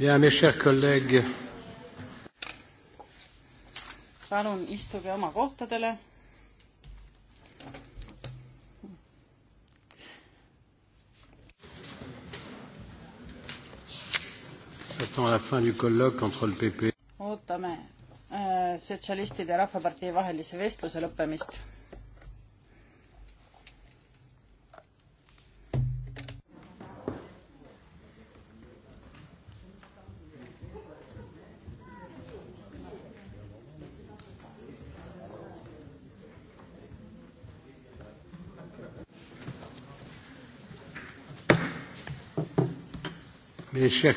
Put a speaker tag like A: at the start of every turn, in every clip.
A: ja mes chers collègues.
B: palun istuge oma kohtadele. ootame äh, sotsialistide ja Rahvapartei vahelise vestluse lõppemist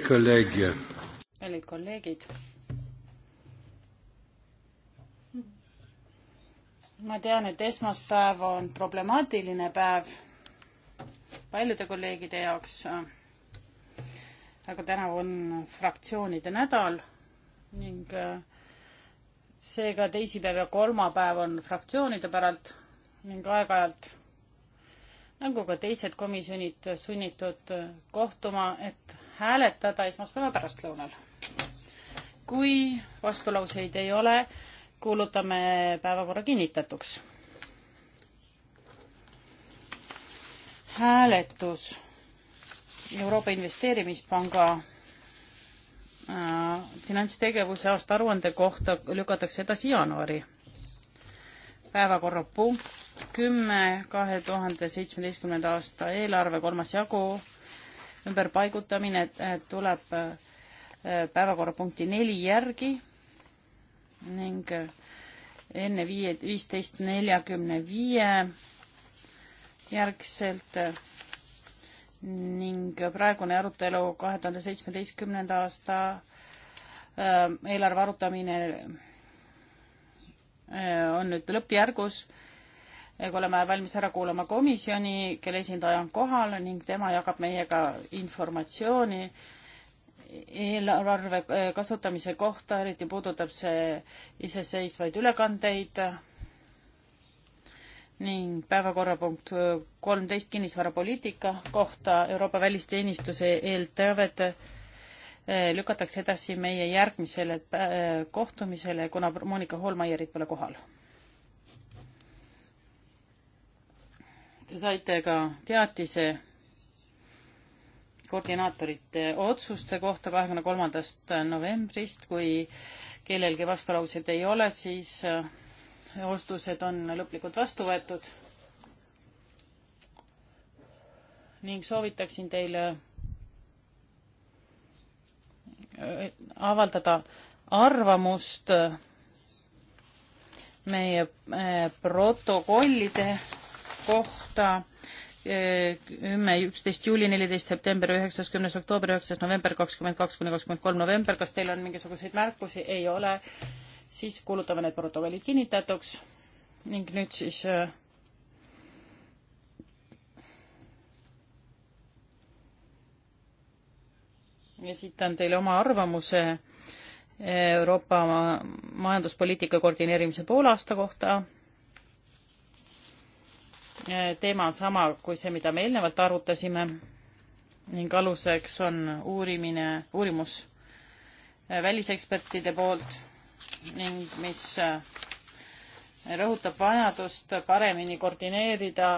A: kallid
B: kolleegid. ma tean, et esmaspäev on problemaatiline päev paljude kolleegide jaoks. aga tänavu on fraktsioonide nädal ning seega teisipäev ja kolmapäev on fraktsioonide päralt ning aeg-ajalt nagu ka teised komisjonid sunnitud kohtuma, et hääletada esmaspäeva pärastlõunal. kui vastulauseid ei ole, kuulutame päevakorra kinnitatuks. hääletus Euroopa Investeerimispanga äh, finantstegevuse aasta aruande kohta lükatakse edasi jaanuari. päevakorrapunkt kümme, kahe tuhande seitsmeteistkümnenda aasta eelarve kolmas jagu ümberpaigutamine tuleb äh, päevakorrapunkti neli järgi ning äh, enne viie, viisteist neljakümne viie järgselt äh, ning praegune arutelu kahe tuhande seitsmeteistkümnenda aasta eelarve arutamine on nüüd lõppjärgus oleme valmis ära kuulama komisjoni, kelle esindaja on kohal ning tema jagab meiega informatsiooni eelarve eh, kasutamise kohta, eriti puudutab see iseseisvaid ülekandeid ning päevakorrapunkt eh, kolmteist kinnisvarapoliitika kohta Euroopa välisteenistuse eelteavet eh, lükatakse edasi meie järgmisele kohtumisele, kuna Monika Holmajärid pole kohal Te saite ka teatise koordinaatorite otsuste kohta kahekümne kolmandast novembrist, kui kellelgi vastulauseid ei ole, siis äh, otsused on lõplikult vastu võetud. ning soovitaksin teile äh, avaldada arvamust äh, meie protokollide kohta kümme, üksteist juuli, neliteist september, üheksas, kümnes oktoober, üheksas november, kakskümmend kaks kuni kakskümmend kolm november. kas teil on mingisuguseid märkusi? ei ole. siis kuulutame need protokollid kinnitatuks ning nüüd siis äh, esitan teile oma arvamuse äh, Euroopa majanduspoliitika koordineerimise poolaasta kohta Eh, teema on sama kui see, mida me eelnevalt arutasime ning aluseks on uurimine, uurimus eh, välisekspertide poolt ning mis eh, rõhutab vajadust paremini koordineerida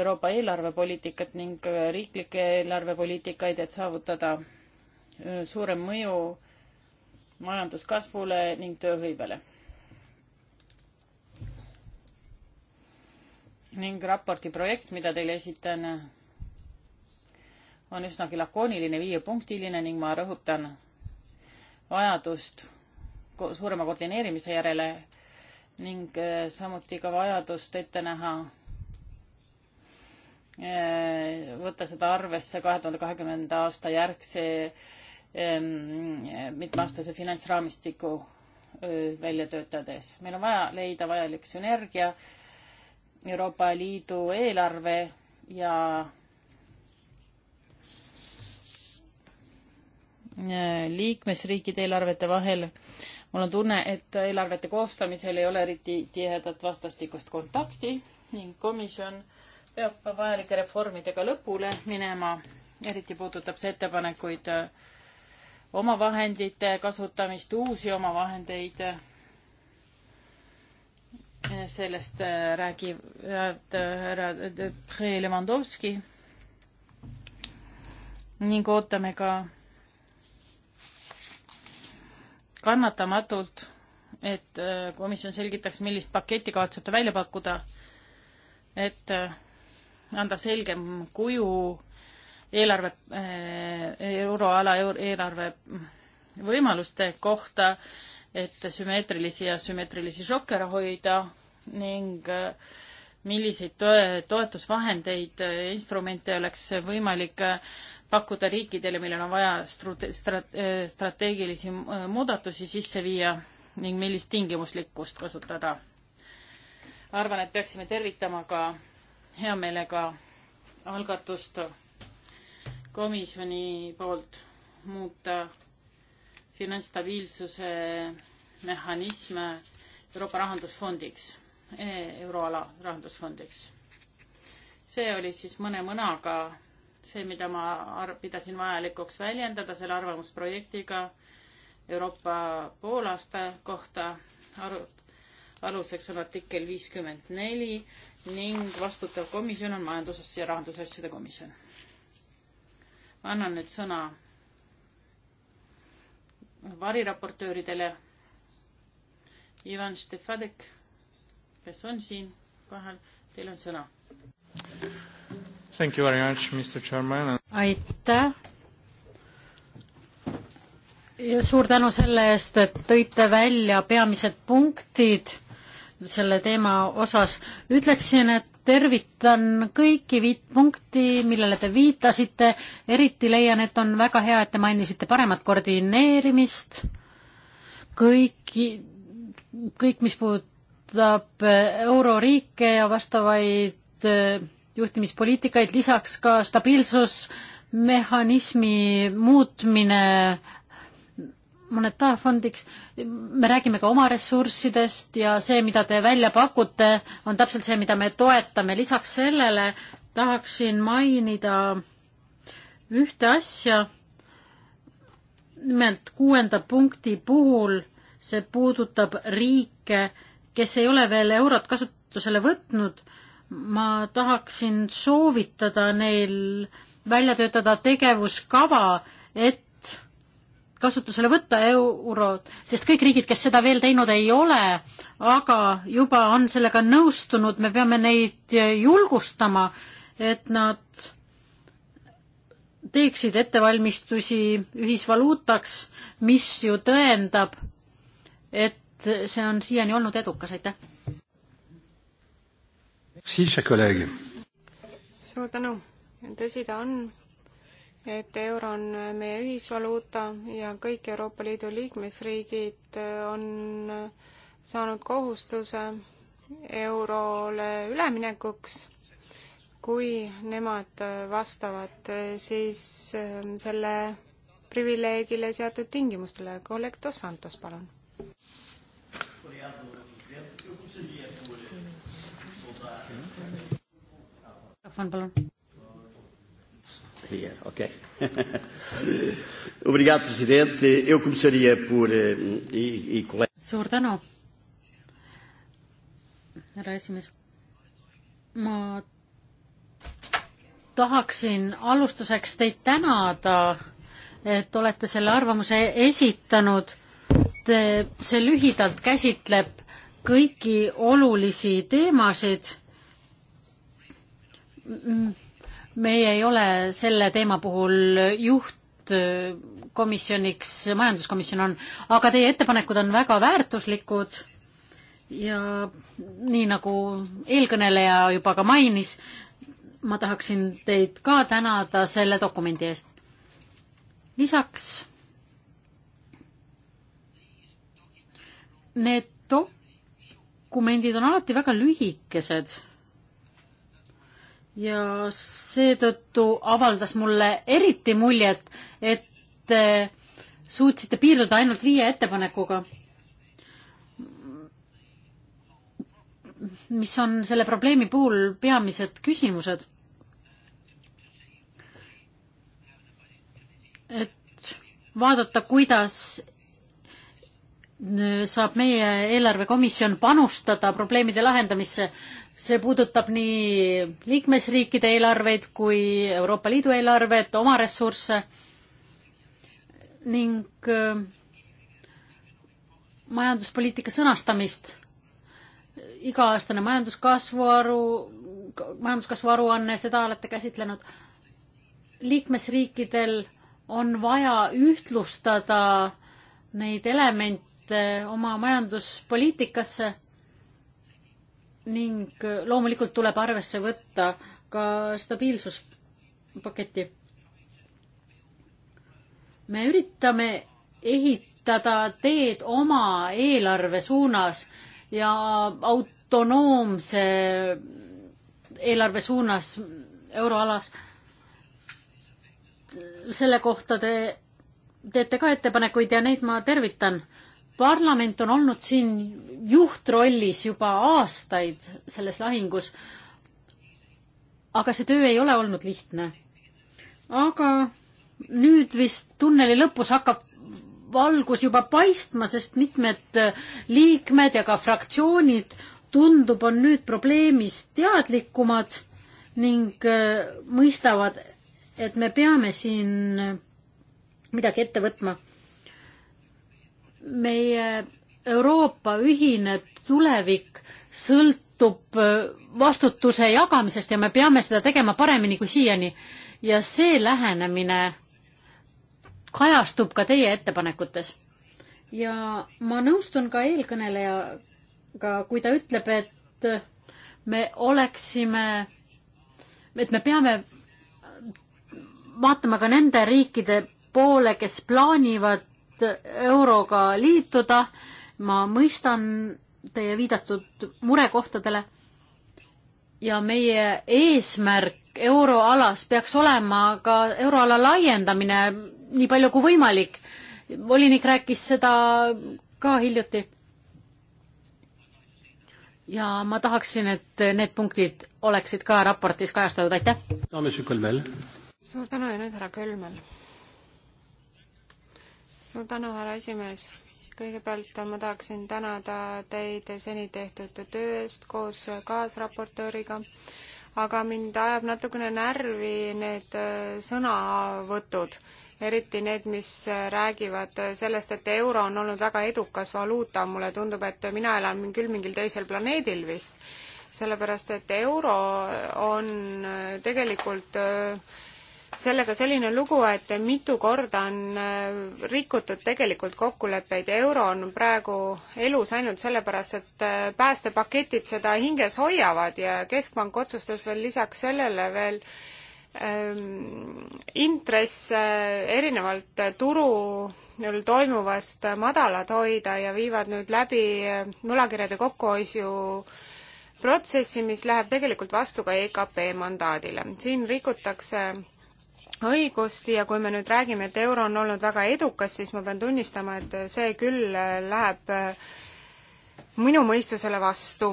B: Euroopa eelarvepoliitikat ning riiklikke eelarvepoliitikaid, et saavutada suurem mõju majanduskasvule ning tööhõivele ning raporti projekt, mida teile esitan, on üsnagi lakooniline, viiepunktiline ning ma rõhutan vajadust suurema koordineerimise järele ning äh, samuti ka vajadust ette näha, äh, võtta seda arvesse kahe tuhande kahekümnenda aasta järgse ähm, mitmeaastase finantsraamistiku välja töötades. meil on vaja leida vajalik sünergia Euroopa Liidu eelarve ja liikmesriikide eelarvete vahel. mul on tunne, et eelarvete koostamisel ei ole eriti tihedat vastastikust kontakti ning komisjon peab vajalike reformidega lõpule minema, eriti puudutab see ettepanekuid omavahendite kasutamist, uusi omavahendeid sellest äh, räägivad äh, härra äh, Pre Levandovski ning ootame ka kannatamatult, et komisjon selgitaks, millist paketti kavatseb ta välja pakkuda, et anda selgem kuju eelarve, euroala eelarve võimaluste kohta et sümmeetrilisi ja sümmeetrilisi šokke ära hoida ning äh, milliseid toetusvahendeid, äh, instrumente oleks võimalik äh, pakkuda riikidele, millel on vaja strateegilisi muudatusi sisse viia ning millist tingimuslikkust kasutada. arvan, et peaksime tervitama ka hea meelega algatust komisjoni poolt muuta finantsstabiilsuse mehhanism Euroopa Rahandusfondiks, euroala rahandusfondiks. see oli siis mõne mõnaga see, mida ma arv-, pidasin vajalikuks väljendada selle arvamusprojektiga Euroopa poolaasta kohta arut-, aluseks on artikkel viiskümmend neli ning vastutav komisjon on majanduses ja rahandusasjade komisjon. ma annan nüüd sõna variraportööridele. Ivan Stefadek, kes on siin kohal, teil on
C: sõna.
A: Thank you very much, Mr Chairman.
C: aitäh. ja suur tänu selle eest, et tõite välja peamised punktid selle teema osas. ütleksin, et tervitan kõiki viit punkti, millele te viitasite, eriti leian, et on väga hea, et te mainisite paremat koordineerimist, kõiki, kõik, mis puudutab eh, euroriike ja vastavaid eh, juhtimispoliitikaid, lisaks ka stabiilsusmehhanismi muutmine monetaarfondiks, me räägime ka oma ressurssidest ja see, mida te välja pakute, on täpselt see, mida me toetame. lisaks sellele tahaksin mainida ühte asja, nimelt kuuenda punkti puhul see puudutab riike, kes ei ole veel eurot kasutusele võtnud. ma tahaksin soovitada neil välja töötada tegevuskava, et kasutusele võtta eurot, sest kõik riigid, kes seda veel teinud ei ole, aga juba on sellega nõustunud, me peame neid julgustama, et nad teeksid ettevalmistusi ühisvaluutaks, mis ju tõendab, et see on siiani olnud edukas, aitäh!
D: suur tänu! tõsi ta on, et euro on meie ühisvaluuta ja kõik Euroopa Liidu liikmesriigid on saanud kohustuse eurole üleminekuks, kui nemad vastavad siis ähm, selle privileegile seatud tingimustele. kolleeg Dos Santos, palun.
C: mikrofon, palun
A: Pierre, ok. Obrigado, Presidente. Eu começaria por... Eh, e, e...
C: Suur tänu, härra esimees. ma tahaksin alustuseks teid tänada, et olete selle arvamuse esitanud. see lühidalt käsitleb kõiki olulisi teemasid meie ei ole selle teema puhul juhtkomisjoniks, majanduskomisjon on, aga teie ettepanekud on väga väärtuslikud ja nii nagu eelkõneleja juba ka mainis, ma tahaksin teid ka tänada selle dokumendi eest. lisaks need dokumendid on alati väga lühikesed ja seetõttu avaldas mulle eriti muljet, et te suutsite piirduda ainult viie ettepanekuga. mis on selle probleemi puhul peamised küsimused? et vaadata, kuidas saab meie eelarvekomisjon panustada probleemide lahendamisse. see puudutab nii liikmesriikide eelarveid kui Euroopa Liidu eelarvet, oma ressursse ning äh, majanduspoliitika sõnastamist. iga-aastane majanduskasvu aru, majanduskasvu aruanne, seda olete käsitlenud. liikmesriikidel on vaja ühtlustada neid elemente, investeerite oma majanduspoliitikasse ning loomulikult tuleb arvesse võtta ka stabiilsuspaketi. me üritame ehitada teed oma eelarve suunas ja autonoomse eelarve suunas euroalas. selle kohta te teete ka ettepanekuid ja neid ma tervitan parlament on olnud siin juhtrollis juba aastaid selles lahingus. aga see töö ei ole olnud lihtne. aga nüüd vist tunneli lõpus hakkab valgus juba paistma, sest mitmed liikmed ja ka fraktsioonid tundub, on nüüd probleemist teadlikumad ning äh, mõistavad, et me peame siin midagi ette võtma meie Euroopa ühine tulevik sõltub äh, vastutuse jagamisest ja me peame seda tegema paremini kui siiani. ja see lähenemine kajastub ka teie ettepanekutes. ja ma nõustun ka eelkõnelejaga, kui ta ütleb, et me oleksime, et me peame vaatama ka nende riikide poole, kes plaanivad et euroga liituda. ma mõistan teie viidatud murekohtadele ja meie eesmärk euroalas peaks olema ka euroala laiendamine nii palju kui võimalik. volinik rääkis seda ka hiljuti. ja ma tahaksin, et need punktid oleksid ka raportis kajastatud, aitäh
A: no,.
D: suur tänu ja nüüd härra Kölmel suur tänu, härra esimees. kõigepealt ma tahaksin tänada teid seni tehtud töö eest koos kaasraportööriga, aga mind ajab natukene närvi need äh, sõnavõtud eriti need, mis räägivad sellest, et euro on olnud väga edukas valuuta, mulle tundub, et mina elan küll mingil teisel planeedil vist, sellepärast et euro on äh, tegelikult äh, sellega selline lugu, et mitu korda on äh, rikutud tegelikult kokkuleppeid ja euro on praegu elus ainult sellepärast, et äh, päästepaketid seda hinges hoiavad ja Keskpank otsustas veel lisaks sellele veel ähm, intresse erinevalt turul toimuvast madalad hoida ja viivad nüüd läbi äh, võlakirjade kokkuhoiu protsessi, mis läheb tegelikult vastu ka EKP mandaadile. siin rikutakse õigust ja kui me nüüd räägime, et euro on olnud väga edukas, siis ma pean tunnistama, et see küll äh, läheb äh, minu mõistusele vastu.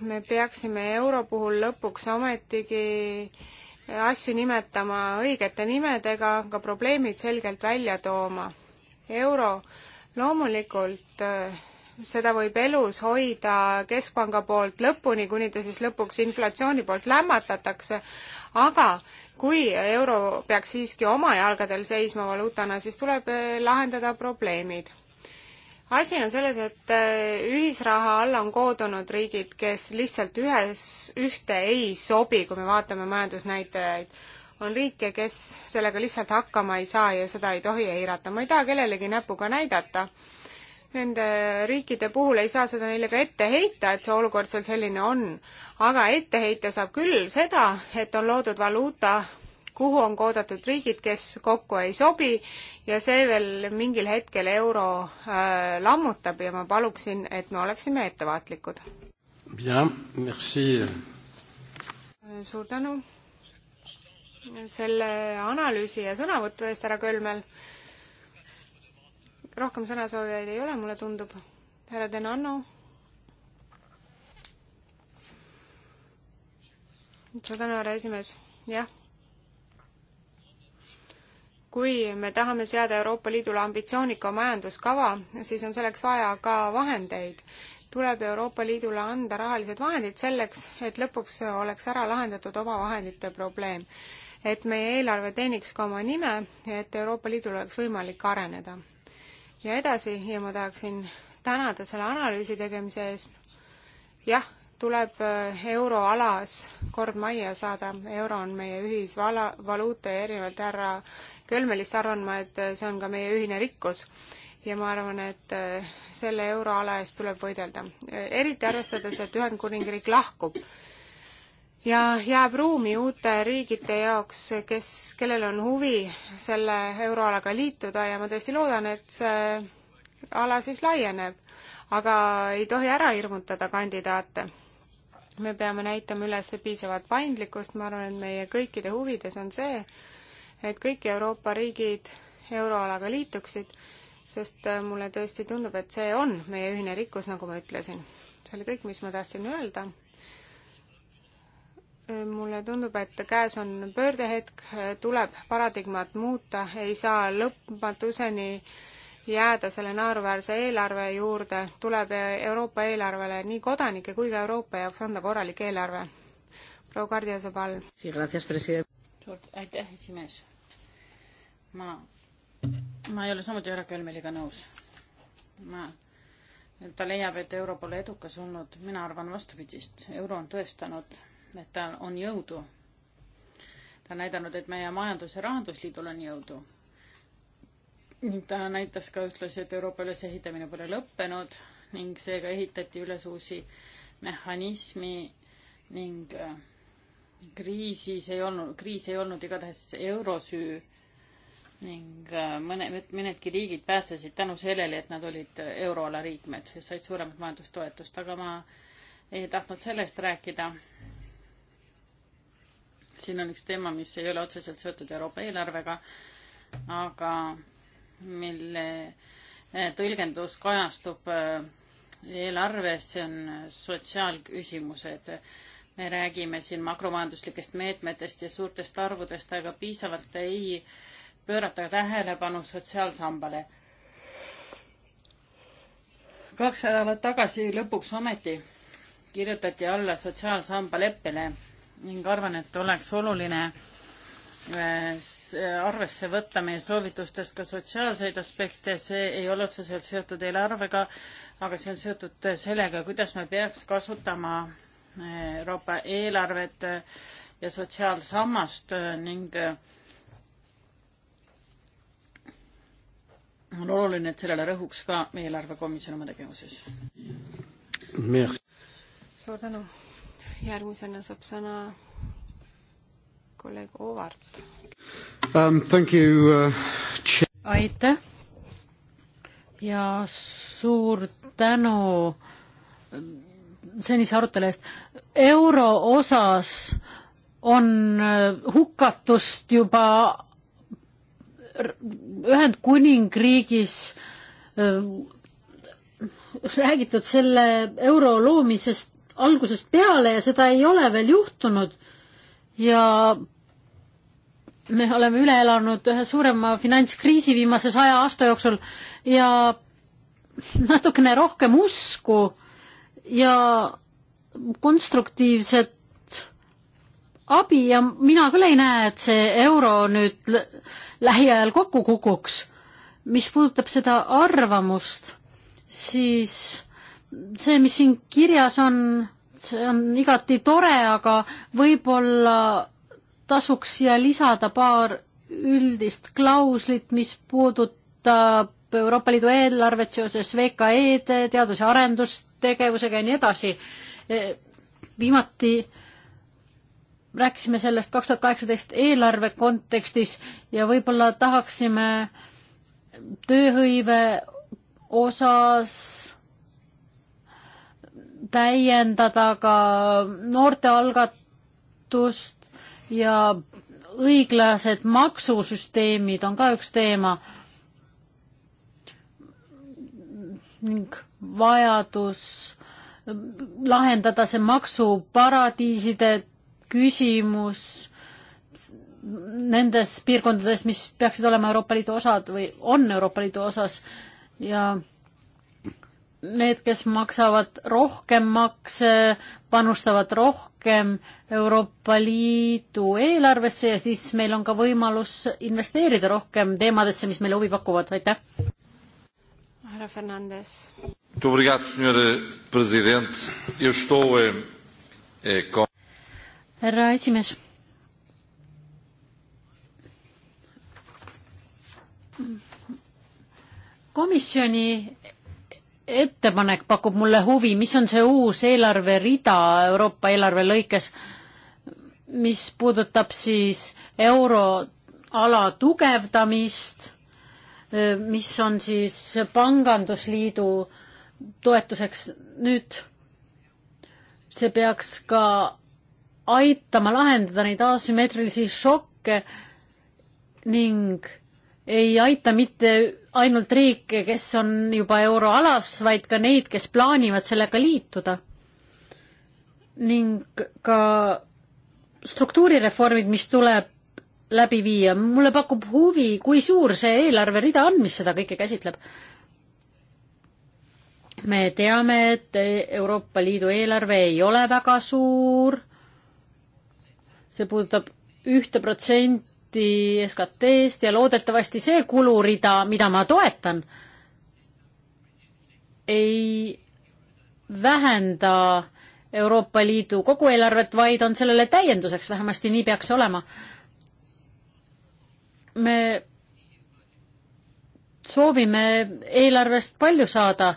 D: me peaksime euro puhul lõpuks ometigi äh, asju nimetama õigete nimedega, ka probleemid selgelt välja tooma. euro loomulikult äh, seda võib elus hoida keskpanga poolt lõpuni, kuni ta siis lõpuks inflatsiooni poolt lämmatatakse, aga kui euro peaks siiski oma jalgadel seisma valuutana, siis tuleb eh, lahendada probleemid asi on selles, et eh, ühisraha alla on koodunud riigid, kes lihtsalt ühes, ühte ei sobi, kui me vaatame majandusnäitajaid. on riike, kes sellega lihtsalt hakkama ei saa ja seda ei tohi eirata. ma ei taha kellelegi näpuga näidata Nende riikide puhul ei saa seda neile ka ette heita, et see olukord seal selline on. aga ette heita saab küll seda, et on loodud valuuta, kuhu on koodatud riigid, kes kokku ei sobi ja see veel mingil hetkel euro äh, lammutab ja ma paluksin, et me oleksime ettevaatlikud.
A: Bien, merci.
D: suur tänu selle analüüsi ja sõnavõtu eest, härra Kölmel rohkem sõnasoovijaid ei ole, mulle tundub. härra Denanno. suur tänu, härra esimees. jah. kui me tahame seada Euroopa Liidule ambitsioonika majanduskava, siis on selleks vaja ka vahendeid tuleb Euroopa Liidule anda rahalised vahendid selleks, et lõpuks oleks ära lahendatud omavahendite probleem. et meie eelarve teeniks ka oma nime, et Euroopa Liidul oleks võimalik areneda ja edasi ja ma tahaksin tänada selle analüüsi tegemise eest. jah, tuleb äh, euroalas kord majja saada, euro on meie ühisvala, valuuta ja erinevalt härra Kölmelist arvan ma, et äh, see on ka meie ühine rikkus. ja ma arvan, et äh, selle euroala eest tuleb võidelda. eriti arvestades, et Ühendkuningriik lahkub ja jääb ruumi uute riigite jaoks, kes, kellel on huvi selle euroalaga liituda ja ma tõesti loodan, et see ala siis laieneb. aga ei tohi ära hirmutada kandidaate. me peame näitama üles piisavat paindlikkust, ma arvan, et meie kõikide huvides on see, et kõik Euroopa riigid euroalaga liituksid, sest mulle tõesti tundub, et see on meie ühine rikkus, nagu ma ütlesin. see oli kõik, mis ma tahtsin öelda mulle tundub, et käes on pöördehetk, tuleb paradigmat muuta, ei saa lõpmatuseni jääda selle naeruväärse eelarve juurde, tuleb Euroopa eelarvele nii kodanike kui ka Euroopa jaoks anda korralik eelarve. proua Kardia Sabal.
B: suur aitäh, esimees. ma, ma ei ole samuti härra Kölmeliga nõus. ma, ta leiab, et euro pole edukas olnud, mina arvan vastupidist, euro on tõestanud et ta on jõudu. ta on näidanud, et meie Majandus- ja Rahandusliidul on jõudu. ning ta näitas ka ühtlasi, et Euroopa ülesehitamine pole lõppenud ning seega ehitati üles uusi mehhanismi ning äh, kriisis ei olnud, kriis ei olnud igatahes eurosüü ning äh, mõne, mõnedki riigid pääsesid tänu sellele, et nad olid euroala liikmed, said suuremat majandustoetust, aga ma ei tahtnud sellest rääkida, siin on üks teema, mis ei ole otseselt seotud Euroopa eelarvega, aga mille eh, tõlgendus kajastub eh, eelarves, see on sotsiaalküsimused. me räägime siin makromajanduslikest meetmetest ja suurtest arvudest, aga piisavalt ei pöörata tähelepanu sotsiaalsambale kaks nädalat tagasi lõpuks ometi kirjutati alla sotsiaalsamba leppele ning arvan, et oleks oluline eh, arvesse võtta meie soovitustes ka sotsiaalseid aspekte, see ei ole otseselt seotud eelarvega, aga see on seotud sellega, kuidas me peaks kasutama eh, Euroopa eelarvet eh, ja sotsiaalsammast ning on oluline, et sellele rõhuks ka eelarvekomisjon oma tegevuses.
D: suur tänu järgmisena saab sõna kolleeg Ovart
A: um,. Uh,
C: aitäh ja suur tänu senise arutelu eest. euro osas on uh, hukatust juba Ühendkuningriigis uh, räägitud selle euro loomisest algusest peale ja seda ei ole veel juhtunud. ja me oleme üle elanud ühe suurema finantskriisi viimase saja aasta jooksul ja natukene rohkem usku ja konstruktiivset abi ja mina küll ei näe, et see euro nüüd lähiajal kokku kukuks. mis puudutab seda arvamust, siis see, mis siin kirjas on, see on igati tore, aga võib-olla tasuks siia lisada paar üldist klauslit, mis puudutab Euroopa Liidu eelarvet seoses VKE-de teadus- ja arendustegevusega ja nii edasi. E, viimati rääkisime sellest kaks tuhat kaheksateist eelarve kontekstis ja võib-olla tahaksime tööhõive osas täiendada ka noortealgatust ja õiglased maksusüsteemid on ka üks teema ning vajadus lahendada see maksuparadiiside küsimus nendes piirkondades, mis peaksid olema Euroopa Liidu osad või on Euroopa Liidu osas ja need, kes maksavad rohkem makse, panustavad rohkem Euroopa Liidu eelarvesse ja siis meil on ka võimalus investeerida rohkem teemadesse, mis meile huvi pakuvad, aitäh.
D: härra Fernandes.
A: Eh, eh, eh,
C: härra esimees. komisjoni ettepanek pakub mulle huvi, mis on see uus eelarverida Euroopa eelarve lõikes, mis puudutab siis euroala tugevdamist, mis on siis pangandusliidu toetuseks nüüd, see peaks ka aitama lahendada neid asümmeetrilisi šokke ning ei aita mitte ainult riike, kes on juba euroalas, vaid ka neid, kes plaanivad sellega liituda. ning ka struktuurireformid, mis tuleb läbi viia, mulle pakub huvi, kui suur see eelarverida on, mis seda kõike käsitleb. me teame, et Euroopa Liidu eelarve ei ole väga suur, see puudutab ühte protsenti protsenti SKT-st ja loodetavasti see kulurida, mida ma toetan, ei vähenda Euroopa Liidu kogu eelarvet, vaid on sellele täienduseks, vähemasti nii peaks olema. me soovime eelarvest palju saada,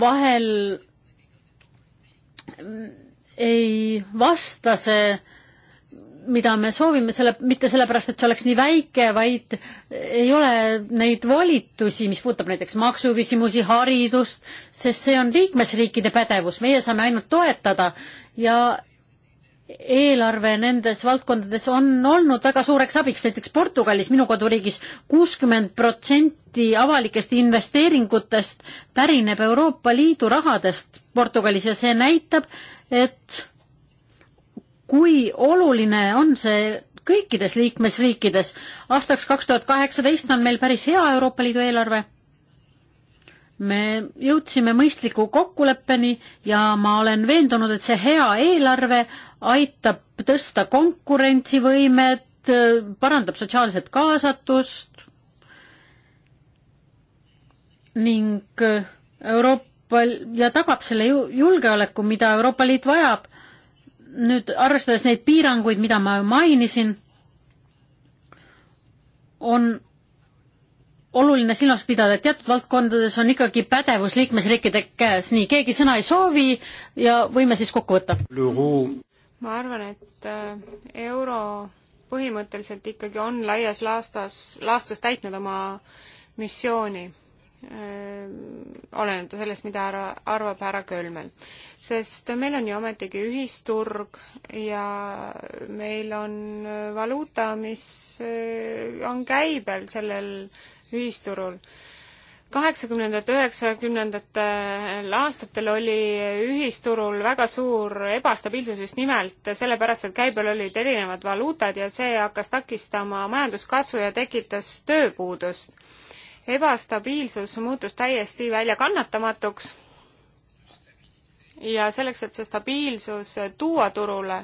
C: vahel ei vasta see mida me soovime, selle, mitte sellepärast, et see oleks nii väike, vaid ei ole neid volitusi, mis puudutab näiteks maksuküsimusi, haridust, sest see on liikmesriikide pädevus, meie saame ainult toetada ja eelarve nendes valdkondades on olnud väga suureks abiks, näiteks Portugalis, minu koduriigis, kuuskümmend protsenti avalikest investeeringutest pärineb Euroopa Liidu rahadest Portugalis ja see näitab, et kui oluline on see kõikides liikmesriikides. aastaks kaks tuhat kaheksateist on meil päris hea Euroopa Liidu eelarve. me jõudsime mõistliku kokkuleppeni ja ma olen veendunud, et see hea eelarve aitab tõsta konkurentsivõimet, parandab sotsiaalset kaasatust ning Euroopa ja tagab selle julgeoleku, mida Euroopa Liit vajab nüüd arvestades neid piiranguid, mida ma mainisin, on oluline silmas pidada, et teatud valdkondades on ikkagi pädevus liikmesriikide käes, nii keegi sõna ei soovi ja võime siis kokku võtta.
D: ma arvan, et äh, euro põhimõtteliselt ikkagi on laias laastas, laastus täitnud oma missiooni Äh, oleneb sellest, mida ära, arvab härra Kölmel. sest meil on ju ometigi ühisturg ja meil on valuuta, mis äh, on käibel sellel ühisturul. kaheksakümnendate, üheksakümnendatel aastatel oli ühisturul väga suur ebastabiilsus just nimelt sellepärast, et käibel olid erinevad valuutad ja see hakkas takistama majanduskasvu ja tekitas tööpuudust ebastabiilsus muutus täiesti väljakannatamatuks ja selleks, et see stabiilsus tuua turule,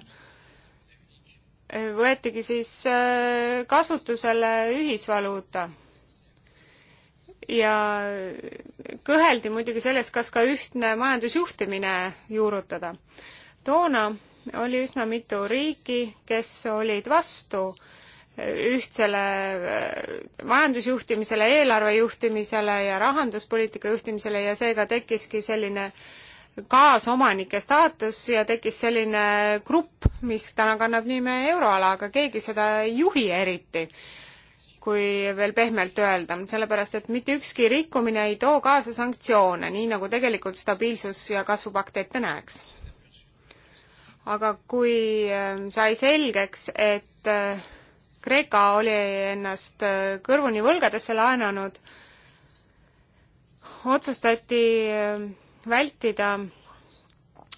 D: võetigi siis äh, kasutusele ühisvaluuta. ja kõheldi muidugi selles, kas ka ühtne majandusjuhtimine juurutada. toona oli üsna mitu riiki, kes olid vastu äh, ühtsele äh, majandusjuhtimisele, eelarvejuhtimisele ja rahanduspoliitika juhtimisele ja seega tekkiski selline kaasomanike staatus ja tekkis selline grupp, mis täna kannab nime euroala, aga keegi seda ei juhi eriti, kui veel pehmelt öelda, sellepärast et mitte ükski rikkumine ei too kaasa sanktsioone, nii nagu tegelikult stabiilsus- ja kasvupakt ette näeks. aga kui äh, sai selgeks, et äh, Kreeka oli ennast äh, kõrvuni võlgadesse laenanud, otsustati äh, vältida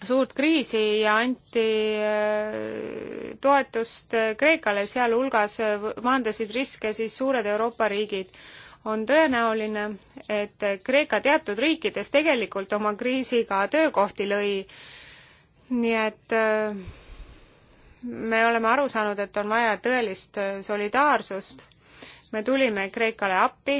D: suurt kriisi ja anti äh, toetust Kreekale, sealhulgas maandasid riske siis suured Euroopa riigid. on tõenäoline, et Kreeka teatud riikides tegelikult oma kriisiga töökohti lõi, nii et äh, me oleme aru saanud, et on vaja tõelist äh, solidaarsust. me tulime Kreekale appi,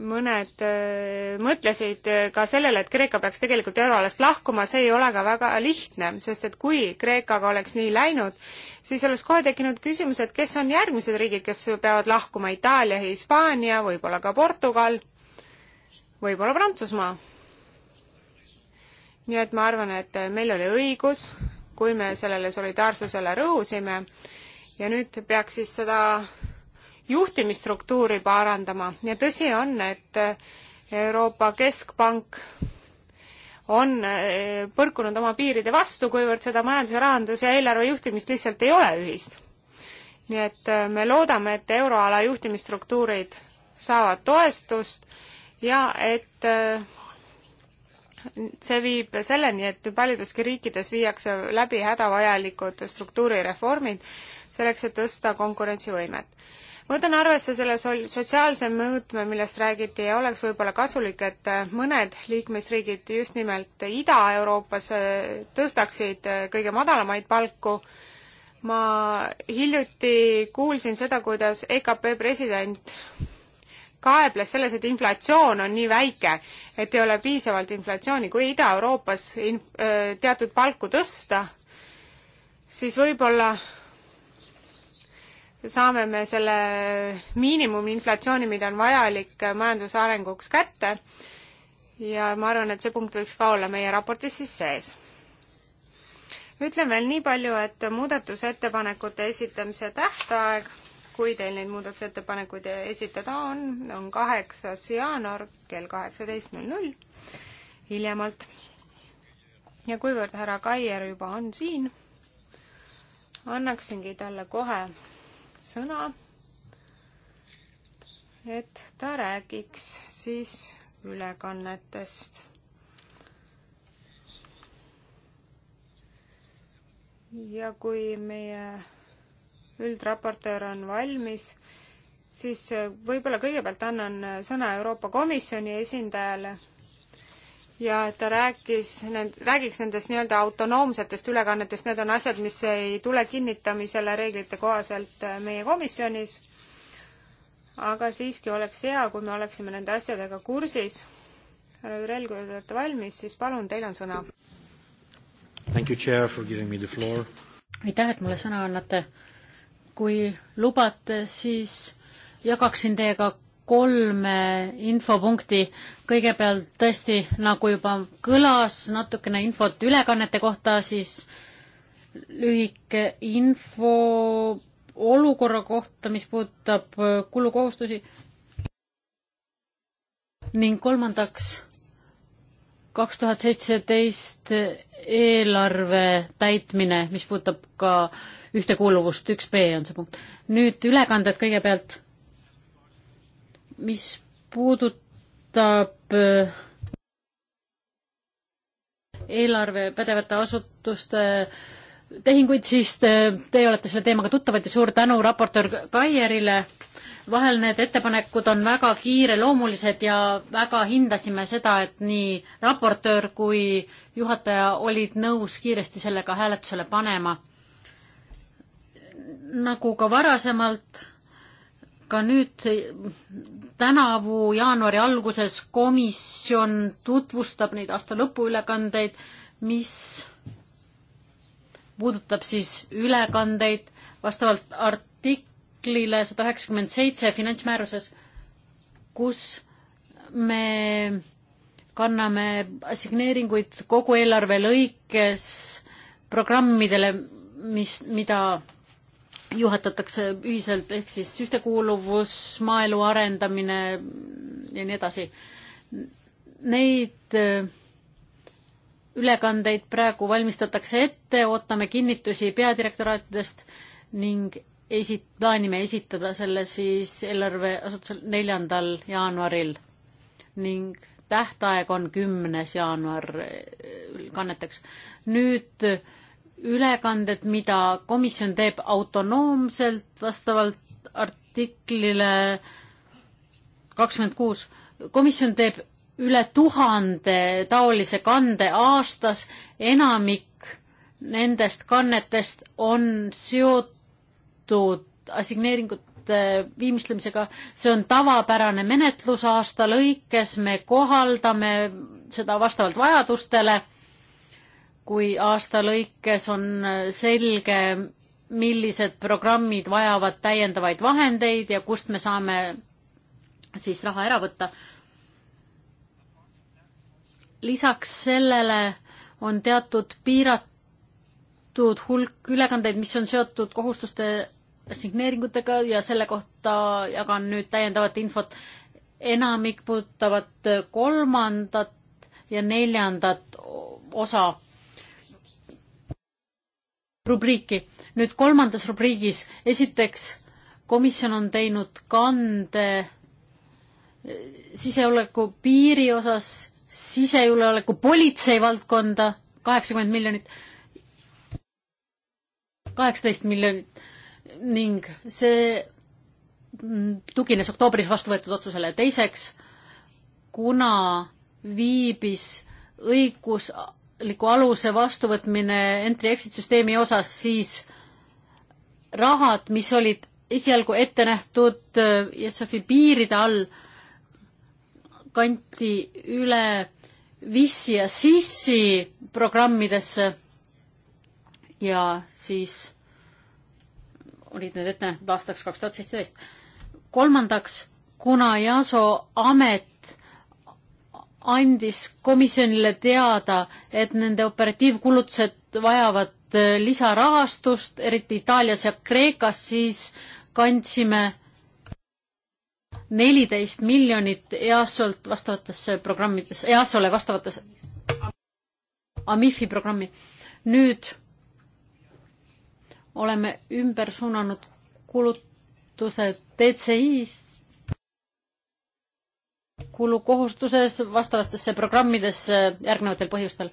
D: mõned äh, mõtlesid äh, ka sellele, et Kreeka peaks tegelikult euroalast lahkuma, see ei ole ka väga lihtne, sest et kui Kreekaga oleks nii läinud, siis oleks kohe tekkinud küsimus, et kes on järgmised riigid, kes peavad lahkuma, Itaalia, Hispaania, võib-olla ka Portugal, võib-olla Prantsusmaa nii et ma arvan, et meil oli õigus kui me sellele solidaarsusele rõhusime ja nüüd peaks siis seda juhtimisstruktuuri parandama ja tõsi on, et Euroopa Keskpank on eh, põrkunud oma piiride vastu, kuivõrd seda majanduse, rahandus ja eelarve juhtimist lihtsalt ei ole ühist. nii et eh, me loodame, et euroala juhtimisstruktuurid saavad toestust ja et eh, see viib selleni, et paljudeski riikides viiakse läbi hädavajalikud struktuurireformid selleks, et tõsta konkurentsivõimet. võtan arvesse selle sol-, sotsiaalse mõõtme, millest räägiti ja oleks võib-olla kasulik, et mõned liikmesriigid just nimelt Ida-Euroopas äh, tõstaksid äh, kõige madalamaid palku ma hiljuti kuulsin seda, kuidas EKP president kaebles selles, et inflatsioon on nii väike, et ei ole piisavalt inflatsiooni. kui Ida-Euroopas in-, teatud palku tõsta, siis võib-olla saame me selle miinimuminflatsiooni, mida on vajalik majanduse arenguks kätte ja ma arvan, et see punkt võiks ka olla meie raportis siis sees ütlen veel nii palju, et muudatusettepanekute esitamise tähtaeg kui teil neid muudatusettepanekuid esitada on, on kaheksas jaanuar kell kaheksateist null null hiljemalt. ja kuivõrd härra Kaier juba on siin, annaksingi talle kohe sõna, et ta räägiks siis ülekannetest. ja kui meie üldraportöör on valmis, siis äh, võib-olla kõigepealt annan äh, sõna Euroopa Komisjoni esindajale ja et ta rääkis, räägiks nendest nii-öelda autonoomsetest ülekannetest, need on asjad, mis ei tule kinnitamisele reeglite kohaselt äh, meie komisjonis, aga siiski oleks hea, kui me oleksime nende asjadega kursis. härra Jürel, kui te olete valmis, siis palun, teil on sõna. aitäh, et mulle
C: sõna annate kui lubate, siis jagaksin teiega kolme infopunkti. kõigepealt tõesti, nagu juba kõlas, natukene infot ülekannete kohta, siis lühike info olukorra kohta, mis puudutab kulukohustusi. ning kolmandaks kaks tuhat seitseteist eelarve täitmine, mis puudutab ka ühtekuuluvust, üks B on see punkt. nüüd ülekanded kõigepealt, mis puudutab äh, eelarve pädevate asutuste äh, tehinguid, siis te, teie olete selle teemaga tuttavad ja suur tänu raportöör Kaierile. vahel need ettepanekud on väga kiireloomulised ja väga hindasime seda, et nii raportöör kui juhataja olid nõus kiiresti sellega hääletusele panema. nagu ka varasemalt, ka nüüd tänavu jaanuari alguses komisjon tutvustab neid aasta lõpuülekandeid, mis puudutab siis ülekandeid vastavalt artiklile sada üheksakümmend seitse finantsmääruses, kus me kanname signeeringuid kogu eelarve lõikes programmidele, mis, mida juhatatakse ühiselt, ehk siis ühtekuuluvus, maaelu arendamine ja nii edasi. Neid ülekandeid praegu valmistatakse ette, ootame kinnitusi peadirektoraatidest ning esit-, plaanime esitada selle siis eelarveasutusel neljandal jaanuaril ning tähtaeg on kümnes jaanuar eh, kanneteks. nüüd ülekanded, mida komisjon teeb autonoomselt vastavalt artiklile kakskümmend kuus. komisjon teeb üle tuhande taolise kande aastas, enamik nendest kannetest on seotud assigneeringute viimistlemisega, see on tavapärane menetlus aasta lõikes, me kohaldame seda vastavalt vajadustele, kui aasta lõikes on selge, millised programmid vajavad täiendavaid vahendeid ja kust me saame siis raha ära võtta lisaks sellele on teatud piiratud hulk ülekandeid, mis on seotud kohustuste signeeringutega ja selle kohta jagan nüüd täiendavat infot. enamik puudutavad kolmandat ja neljandat osa rubriiki. nüüd kolmandas rubriigis, esiteks komisjon on teinud kande sisejulgeoleku piiri osas sisejulgeoleku politsei valdkonda kaheksakümmend miljonit, kaheksateist miljonit ning see mm, tugines oktoobris vastu võetud otsusele. teiseks, kuna viibis õigusliku aluse vastuvõtmine entry-exit süsteemi osas, siis rahad, mis olid esialgu ette nähtud ISF-i äh, piiride all, kanti üle VISi ja SISi programmidesse ja siis olid need ette nähtud aastaks kaks tuhat seitseteist. kolmandaks, kuna Jaso amet andis komisjonile teada, et nende operatiivkulutused vajavad eh, lisarahastust, eriti Itaalias ja Kreekas, siis kandsime neliteist miljonit EASO-lt vastavatesse programmidesse, EASO-le vastavates AMIF-i programmi. nüüd oleme ümber suunanud kulutused DCI-s, kulukohustuses vastavatesse programmidesse järgnevatel põhjustel.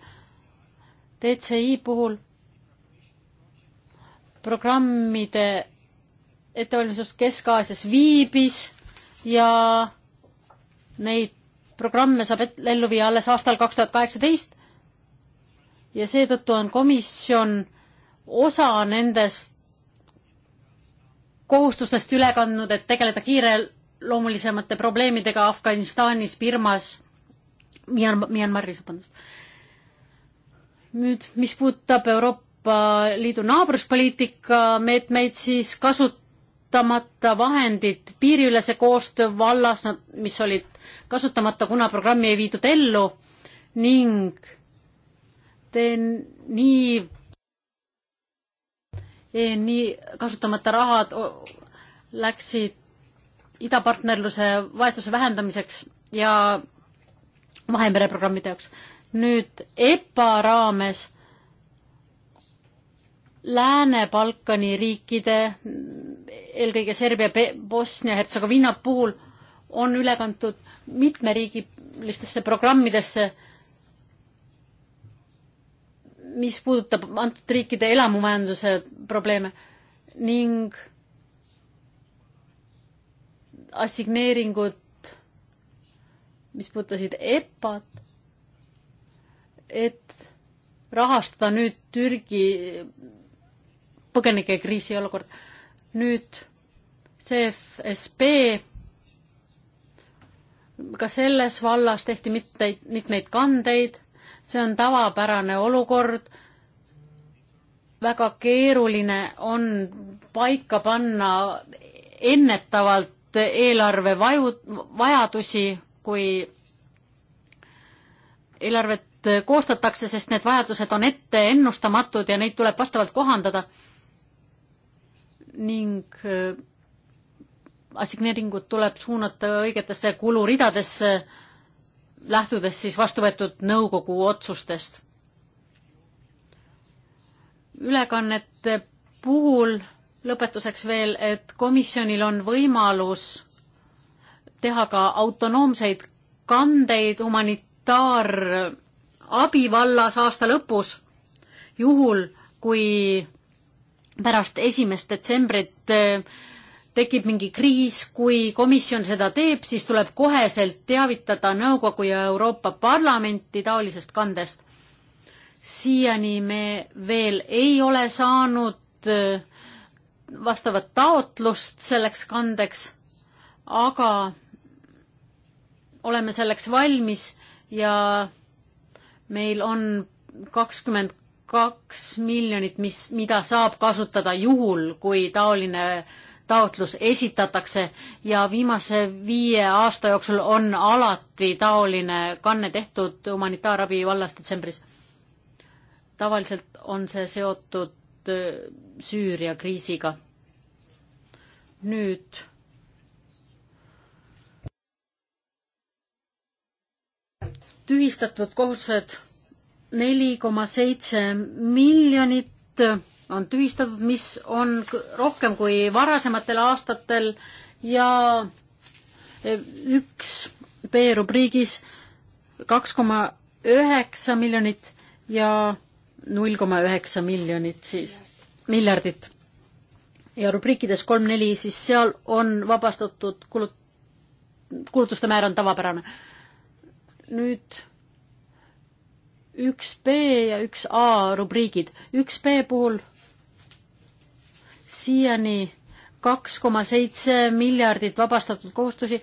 C: DCI puhul programmide ettevalmistus Kesk-Aasias viibis ja neid programme saab ellu viia alles aastal kaks tuhat kaheksateist ja seetõttu on komisjon osa nendest kohustustest üle kandnud, et tegeleda kiireloomulisemate probleemidega Afganistanis, Birmas, Myanmaris, vabandust. nüüd, mis puudutab Euroopa Liidu naabruspoliitika meetmeid, siis kasut-, kasutamata vahendid piiriülese koostöö vallas, mis olid kasutamata, kuna programmi ei viidud ellu ning teen nii, e, nii kasutamata rahad läksid idapartnerluse vaesuse vähendamiseks ja Vahemere programmide jaoks. nüüd EPA raames Lääne-Balkani riikide, eelkõige Serbia, Bosnia-Hertsegoviina puhul on üle kantud mitmeriigilistesse programmidesse, mis puudutab antud riikide elamumajanduse probleeme ning assigneeringud, mis puudutasid EPA-t, et rahastada nüüd Türgi põgenike kriisiolukord. nüüd CFSB, ka selles vallas tehti mitmeid, mitmeid kandeid, see on tavapärane olukord, väga keeruline on paika panna ennetavalt eelarve vaju, vajadusi, kui eelarvet koostatakse, sest need vajadused on ette ennustamatud ja neid tuleb vastavalt kohandada ning äh, assigneeringud tuleb suunata õigetesse kuluridadesse, lähtudes siis vastu võetud nõukogu otsustest. ülekannete puhul lõpetuseks veel, et komisjonil on võimalus teha ka autonoomseid kandeid humanitaarabi vallas aasta lõpus, juhul kui pärast esimest detsembrit äh, tekib mingi kriis, kui komisjon seda teeb, siis tuleb koheselt teavitada Nõukogu ja Euroopa Parlamenti taolisest kandest. siiani me veel ei ole saanud äh, vastavat taotlust selleks kandeks, aga oleme selleks valmis ja meil on kakskümmend kaks miljonit, mis, mida saab kasutada juhul, kui taoline taotlus esitatakse ja viimase viie aasta jooksul on alati taoline kanne tehtud humanitaarabi vallas detsembris. tavaliselt on see seotud äh, Süüria kriisiga. nüüd tühistatud kohustused neli koma seitse miljonit on tühistatud, mis on rohkem kui varasematel aastatel ja eh, üks B-rubriigis kaks koma üheksa miljonit ja null koma üheksa miljonit siis, miljardit. ja rubriikides kolm, neli, siis seal on vabastatud kulut-, kulutuste määr on tavapärane. nüüd üks B ja üks A rubriigid. üks B puhul siiani kaks koma seitse miljardit vabastatud kohustusi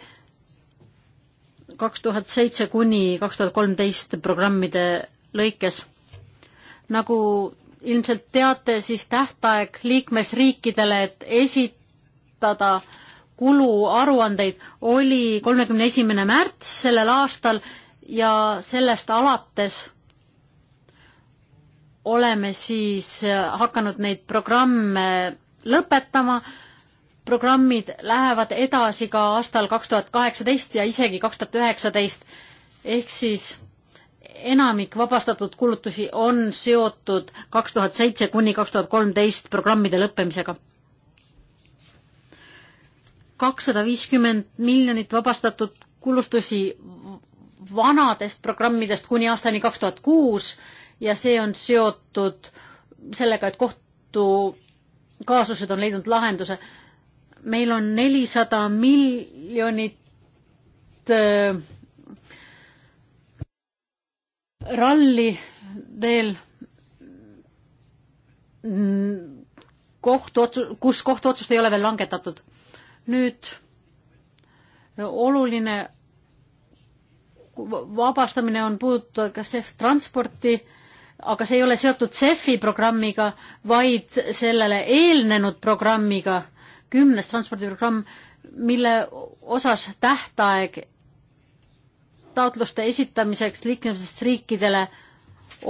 C: kaks tuhat seitse kuni kaks tuhat kolmteist programmide lõikes. nagu ilmselt teate, siis tähtaeg liikmesriikidele, et esitada kuluaruandeid oli kolmekümne esimene märts sellel aastal ja sellest alates oleme siis äh, hakanud neid programme lõpetama, programmid lähevad edasi ka aastal kaks tuhat kaheksateist ja isegi kaks tuhat üheksateist, ehk siis enamik vabastatud kulutusi on seotud kaks tuhat seitse kuni kaks tuhat kolmteist programmide lõppemisega. kakssada viiskümmend miljonit vabastatud kulutusi vanadest programmidest kuni aastani kaks tuhat kuus ja see on seotud sellega, et kohtu kaasused on leidnud lahenduse. meil on nelisada miljonit äh, ralli veel kohtuotsus, kus kohtuotsust ei ole veel langetatud. nüüd oluline vabastamine on puudutada kas ehk transporti äh, aga see ei ole seotud CEF-i programmiga, vaid sellele eelnenud programmiga, kümnes transpordiprogramm, mille osas tähtaeg taotluste esitamiseks liikmesest riikidele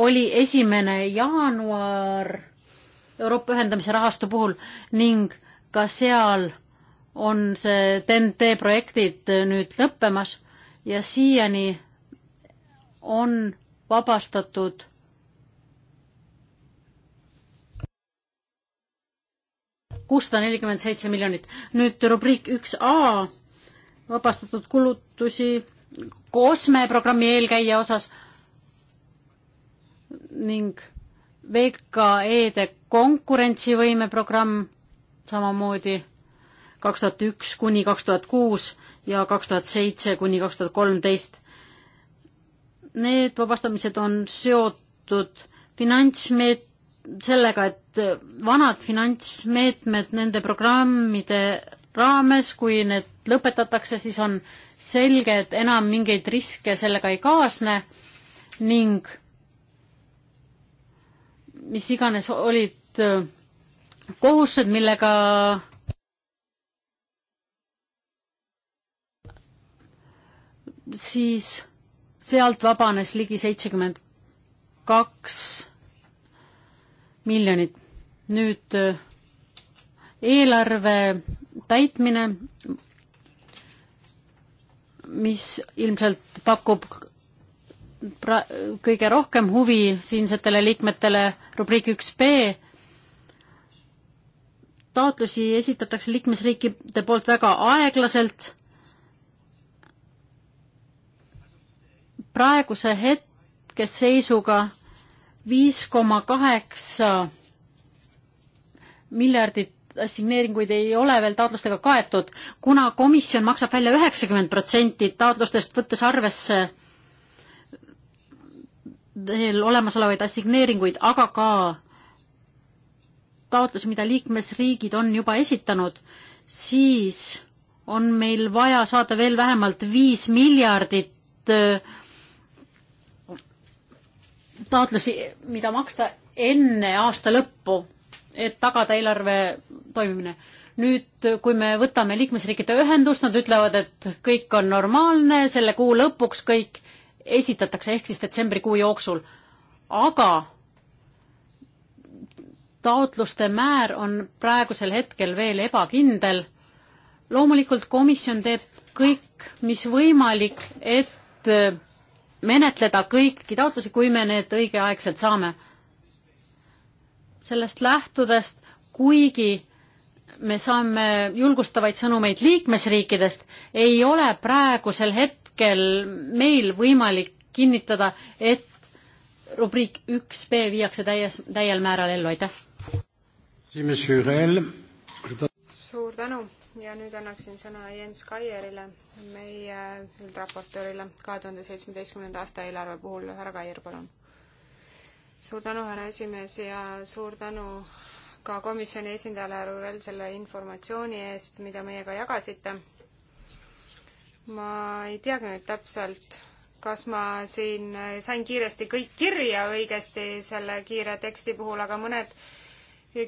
C: oli esimene jaanuar Euroopa ühendamise rahastu puhul ning ka seal on see TNT projektid nüüd lõppemas ja siiani on vabastatud kuussada nelikümmend seitse miljonit. nüüd rubriik üks A, vabastatud kulutusi COSME programmi eelkäija osas ning VKE-de konkurentsivõime programm samamoodi kaks tuhat üks kuni kaks tuhat kuus ja kaks tuhat seitse kuni kaks tuhat kolmteist. Need vabastamised on seotud finantsmeet-, sellega, et vanad finantsmeetmed nende programmide raames, kui need lõpetatakse, siis on selge, et enam mingeid riske sellega ei kaasne ning mis iganes olid äh, kohustused, millega siis sealt vabanes ligi seitsekümmend kaks miljonit. nüüd äh, eelarve täitmine, mis ilmselt pakub pra-, kõige rohkem huvi siinsetele liikmetele, rubriik üks B, taotlusi esitatakse liikmesriikide poolt väga aeglaselt praeguse hetkeseisuga viis koma kaheksa miljardit assigneeringuid ei ole veel taotlustega kaetud, kuna komisjon maksab välja üheksakümmend protsenti taotlustest, võttes arvesse veel olemasolevaid assigneeringuid, aga ka taotlusi, mida liikmesriigid on juba esitanud, siis on meil vaja saada veel vähemalt viis miljardit äh, taotlusi, mida maksta enne aasta lõppu, et tagada eelarve toimimine. nüüd, kui me võtame liikmesriikide ühendust, nad ütlevad, et kõik on normaalne, selle kuu lõpuks kõik esitatakse, ehk siis detsembrikuu jooksul. aga taotluste määr on praegusel hetkel veel ebakindel. loomulikult komisjon teeb kõik, mis võimalik, et menetleda kõiki taotlusi, kui me need õigeaegselt saame. sellest lähtudest, kuigi me saame julgustavaid sõnumeid liikmesriikidest, ei ole praegusel hetkel meil võimalik kinnitada, et rubriik üks B viiakse täies, täiel määral ellu, aitäh!
A: suur
D: tänu! ja nüüd annaksin sõna Jens Kaierile, meie üldraportöörile kahe tuhande seitsmeteistkümnenda aasta eelarve puhul. härra Kaier, palun. suur tänu, härra esimees ja suur tänu ka komisjoni esindajale härra Urel selle informatsiooni eest, mida meiega jagasite. ma ei teagi nüüd täpselt, kas ma siin sain kiiresti kõik kirja õigesti selle kiire teksti puhul, aga mõned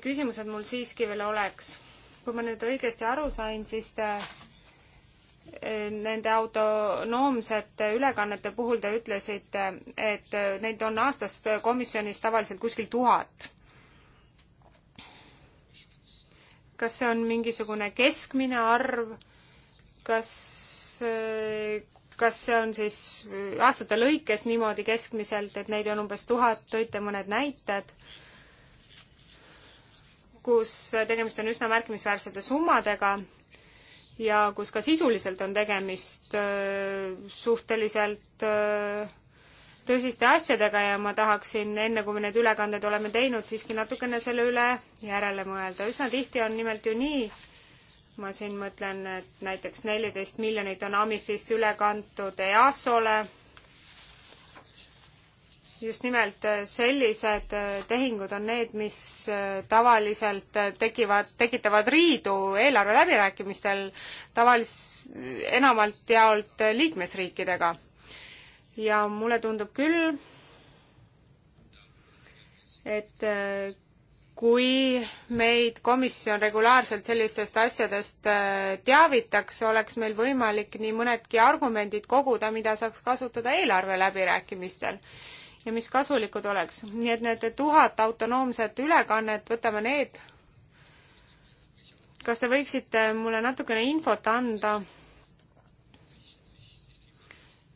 D: küsimused mul siiski veel oleks kui ma nüüd õigesti aru sain, siis te eh, nende autonoomsete ülekannete puhul te ütlesite, et eh, neid on aastas komisjonis tavaliselt kuskil tuhat. kas see on mingisugune keskmine arv, kas, eh, kas see on siis aastate lõikes niimoodi keskmiselt, et neid on umbes tuhat, tõite mõned näited kus tegemist on üsna märkimisväärsete summadega ja kus ka sisuliselt on tegemist äh, suhteliselt äh, tõsiste asjadega ja ma tahaksin, enne kui me need ülekanded oleme teinud, siiski natukene selle üle järele mõelda. üsna tihti on nimelt ju nii, ma siin mõtlen, et näiteks neliteist miljonit on Amifist üle kantud EASO-le just nimelt äh, sellised äh, tehingud on need, mis äh, tavaliselt tekivad, tekitavad riidu eelarve läbirääkimistel tavalis-, enamalt jaolt liikmesriikidega. ja mulle tundub küll, et kui meid komisjon regulaarselt sellistest asjadest teavitaks, oleks meil võimalik nii mõnedki argumendid koguda, mida saaks kasutada eelarve läbirääkimistel ja mis kasulikud oleks. nii et need tuhat autonoomset ülekannet, võtame need. kas te võiksite mulle natukene infot anda,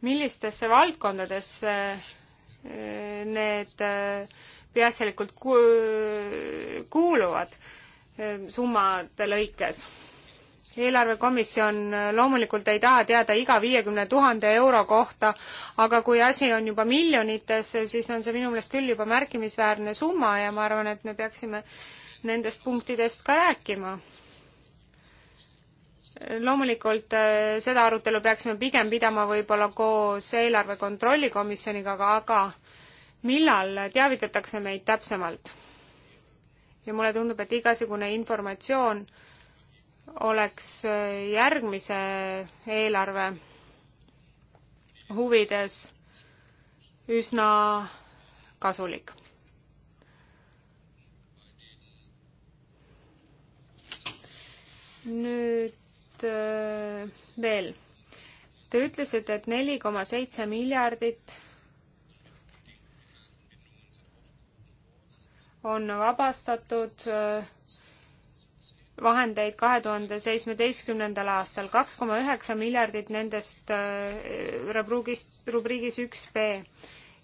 D: millistesse valdkondadesse eh, need eh, peaasjalikult kuuluvad eh, summade lõikes? eelarvekomisjon äh, loomulikult ei taha teada iga viiekümne tuhande euro kohta, aga kui asi on juba miljonites, siis on see minu meelest küll juba märkimisväärne summa ja ma arvan, et me peaksime nendest punktidest ka rääkima. loomulikult äh, seda arutelu peaksime pigem pidama võib-olla koos eelarve kontrolli komisjoniga, aga, aga millal teavitatakse meid täpsemalt? ja mulle tundub, et igasugune informatsioon äh, oleks äh, järgmise eelarve huvides üsna kasulik. nüüd äh, veel. Te ütlesite, et neli koma seitse miljardit on vabastatud äh, vahendeid kahe tuhande seitsmeteistkümnendal aastal, kaks koma üheksa miljardit nendest äh, rubriigist, rubriigis üks B.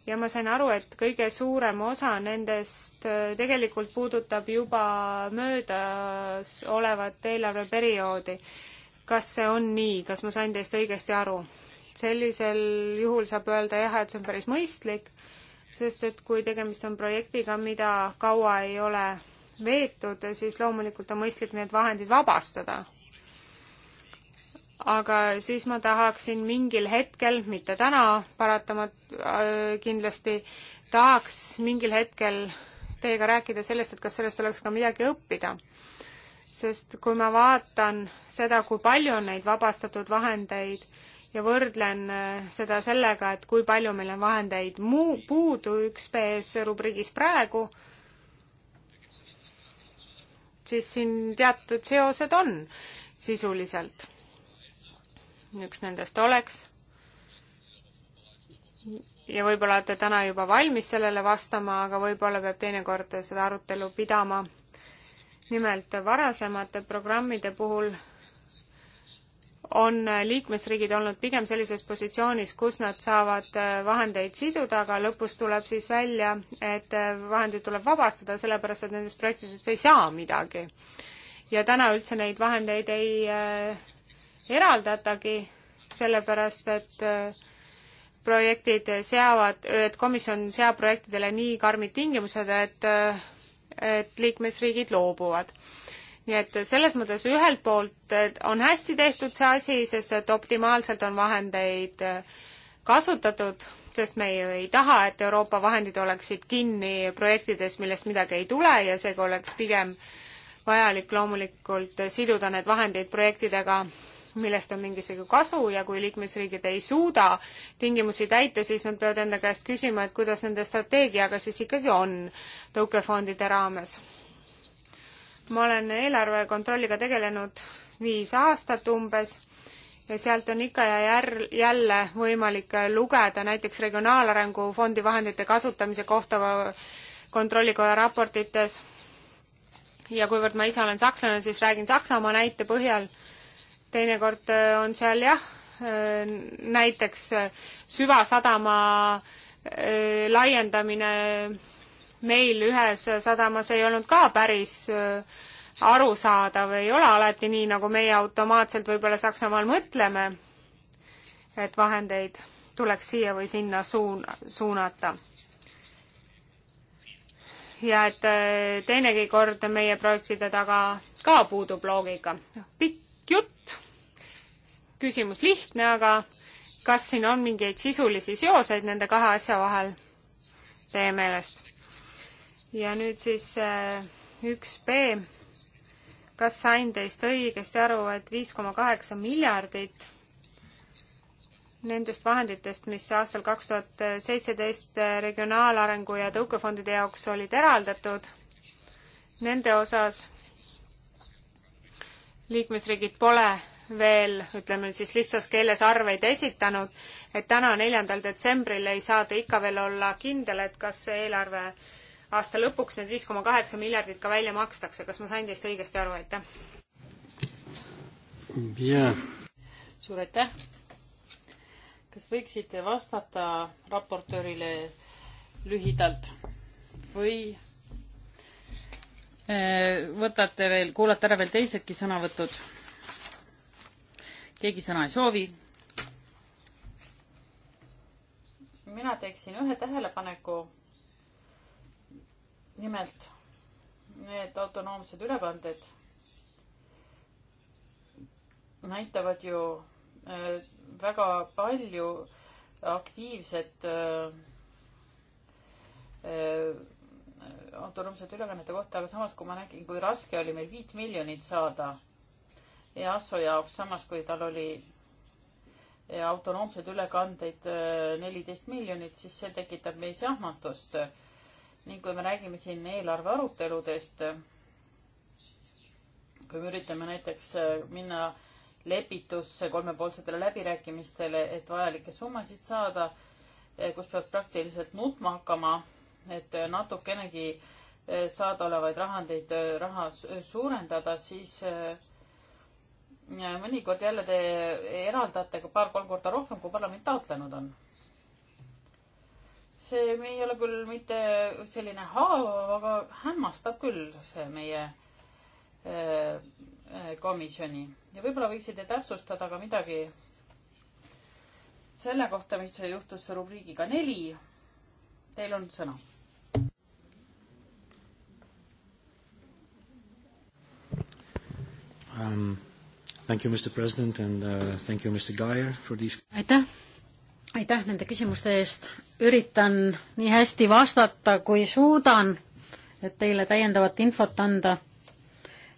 D: ja ma sain aru, et kõige suurem osa nendest äh, tegelikult puudutab juba möödas olevat eelarveperioodi. kas see on nii, kas ma sain teist õigesti aru? sellisel juhul saab öelda jah, et see on päris mõistlik, sest et kui tegemist on projektiga, mida kaua ei ole veetud, siis loomulikult on mõistlik need vahendid vabastada. aga siis ma tahaksin mingil hetkel, mitte täna paratamat- äh,, kindlasti, tahaks mingil hetkel teiega rääkida sellest, et kas sellest oleks ka midagi õppida. sest kui ma vaatan seda, kui palju on neid vabastatud vahendeid ja võrdlen äh, seda sellega, et kui palju meil on vahendeid muu, puudu 1BS rubriigis praegu, siis siin teatud seosed on sisuliselt. üks nendest oleks ja võib-olla olete täna juba valmis sellele vastama, aga võib-olla peab teinekord seda arutelu pidama. nimelt varasemate programmide puhul on liikmesriigid olnud pigem sellises positsioonis, kus nad saavad äh, vahendeid siduda, aga lõpus tuleb siis välja, et äh, vahendid tuleb vabastada, sellepärast et nendest projektidest ei saa midagi. ja täna üldse neid vahendeid ei äh, eraldatagi, sellepärast et äh, projektid seavad, et komisjon seab projektidele nii karmid tingimused, et, äh, et liikmesriigid loobuvad nii et selles mõttes ühelt poolt on hästi tehtud see asi, sest et optimaalselt on vahendeid äh, kasutatud, sest me ju ei taha, et Euroopa vahendid oleksid kinni projektides, millest midagi ei tule ja seega oleks pigem vajalik loomulikult siduda need vahendid projektidega, millest on mingisugune kasu ja kui liikmesriigid ei suuda tingimusi täita, siis nad peavad enda käest küsima, et kuidas nende strateegiaga siis ikkagi on tõukefondide raames ma olen eelarve kontrolliga tegelenud viis aastat umbes ja sealt on ikka ja jär-, jälle võimalik lugeda näiteks Regionaalarengu Fondi vahendite kasutamise kohta kontrollikoja raportites. ja kuivõrd ma ise olen sakslane, siis räägin Saksamaa näite põhjal. teinekord äh, on seal jah, äh, näiteks äh, Süvasadama laiendamine meil ühes sadamas ei olnud ka päris äh, arusaadav, ei ole alati nii, nagu meie automaatselt võib-olla Saksamaal mõtleme, et vahendeid tuleks siia või sinna suun-, suunata. ja et äh, teinegi kord meie projektide taga ka puudub loogika. pikk jutt, küsimus lihtne, aga kas siin on mingeid sisulisi seoseid nende kahe asja vahel teie meelest? ja nüüd siis äh, üks B. kas sain teist õigesti aru, et viis koma kaheksa miljardit nendest vahenditest, mis aastal kaks tuhat seitseteist regionaalarengu ja tõukefondide jaoks olid eraldatud, nende osas liikmesriigid pole veel, ütleme siis lihtsas keeles, arveid esitanud, et täna, neljandal detsembril ei saa te ikka veel olla kindel, et kas see eelarve äh, aasta lõpuks need viis koma kaheksa miljardit ka välja makstakse, kas ma sain teist õigesti aru, aitäh? jah. suur
B: aitäh. kas võiksite vastata raportöörile lühidalt või eh, võtate veel, kuulate ära veel teisedki sõnavõtud? keegi sõna ei soovi? mina teeksin ühe tähelepaneku nimelt need autonoomsed ülekanded näitavad ju äh, väga palju aktiivset äh, äh, autonoomsete ülekannete kohta, aga samas, kui ma nägin, kui raske oli meil viit miljonit saada EASO jaoks, samas kui tal oli autonoomseid ülekandeid neliteist miljonit, siis see tekitab meis jahmatust ning kui me räägime siin eelarve aruteludest, kui me üritame näiteks äh, minna lepitusse kolmepoolsetele läbirääkimistele, et vajalikke summasid saada, äh, kus peab praktiliselt nutma hakkama, et äh, natukenegi saadaolevaid rahandeid, raha suurendada, siis mõnikord jälle te eraldate ka paar-kolm korda rohkem, kui parlament taotlenud on see ei ole küll mitte selline haavav, aga hämmastab küll see meie äh, äh, komisjoni ja võib-olla võiksite täpsustada ka midagi selle kohta, mis juhtus rubriigiga neli. Teil on sõna.
A: Um, thank you, Mr President and uh, thank you, Mr Geyer for these.
C: aitäh aitäh nende küsimuste eest, üritan nii hästi vastata, kui suudan, et teile täiendavat infot anda.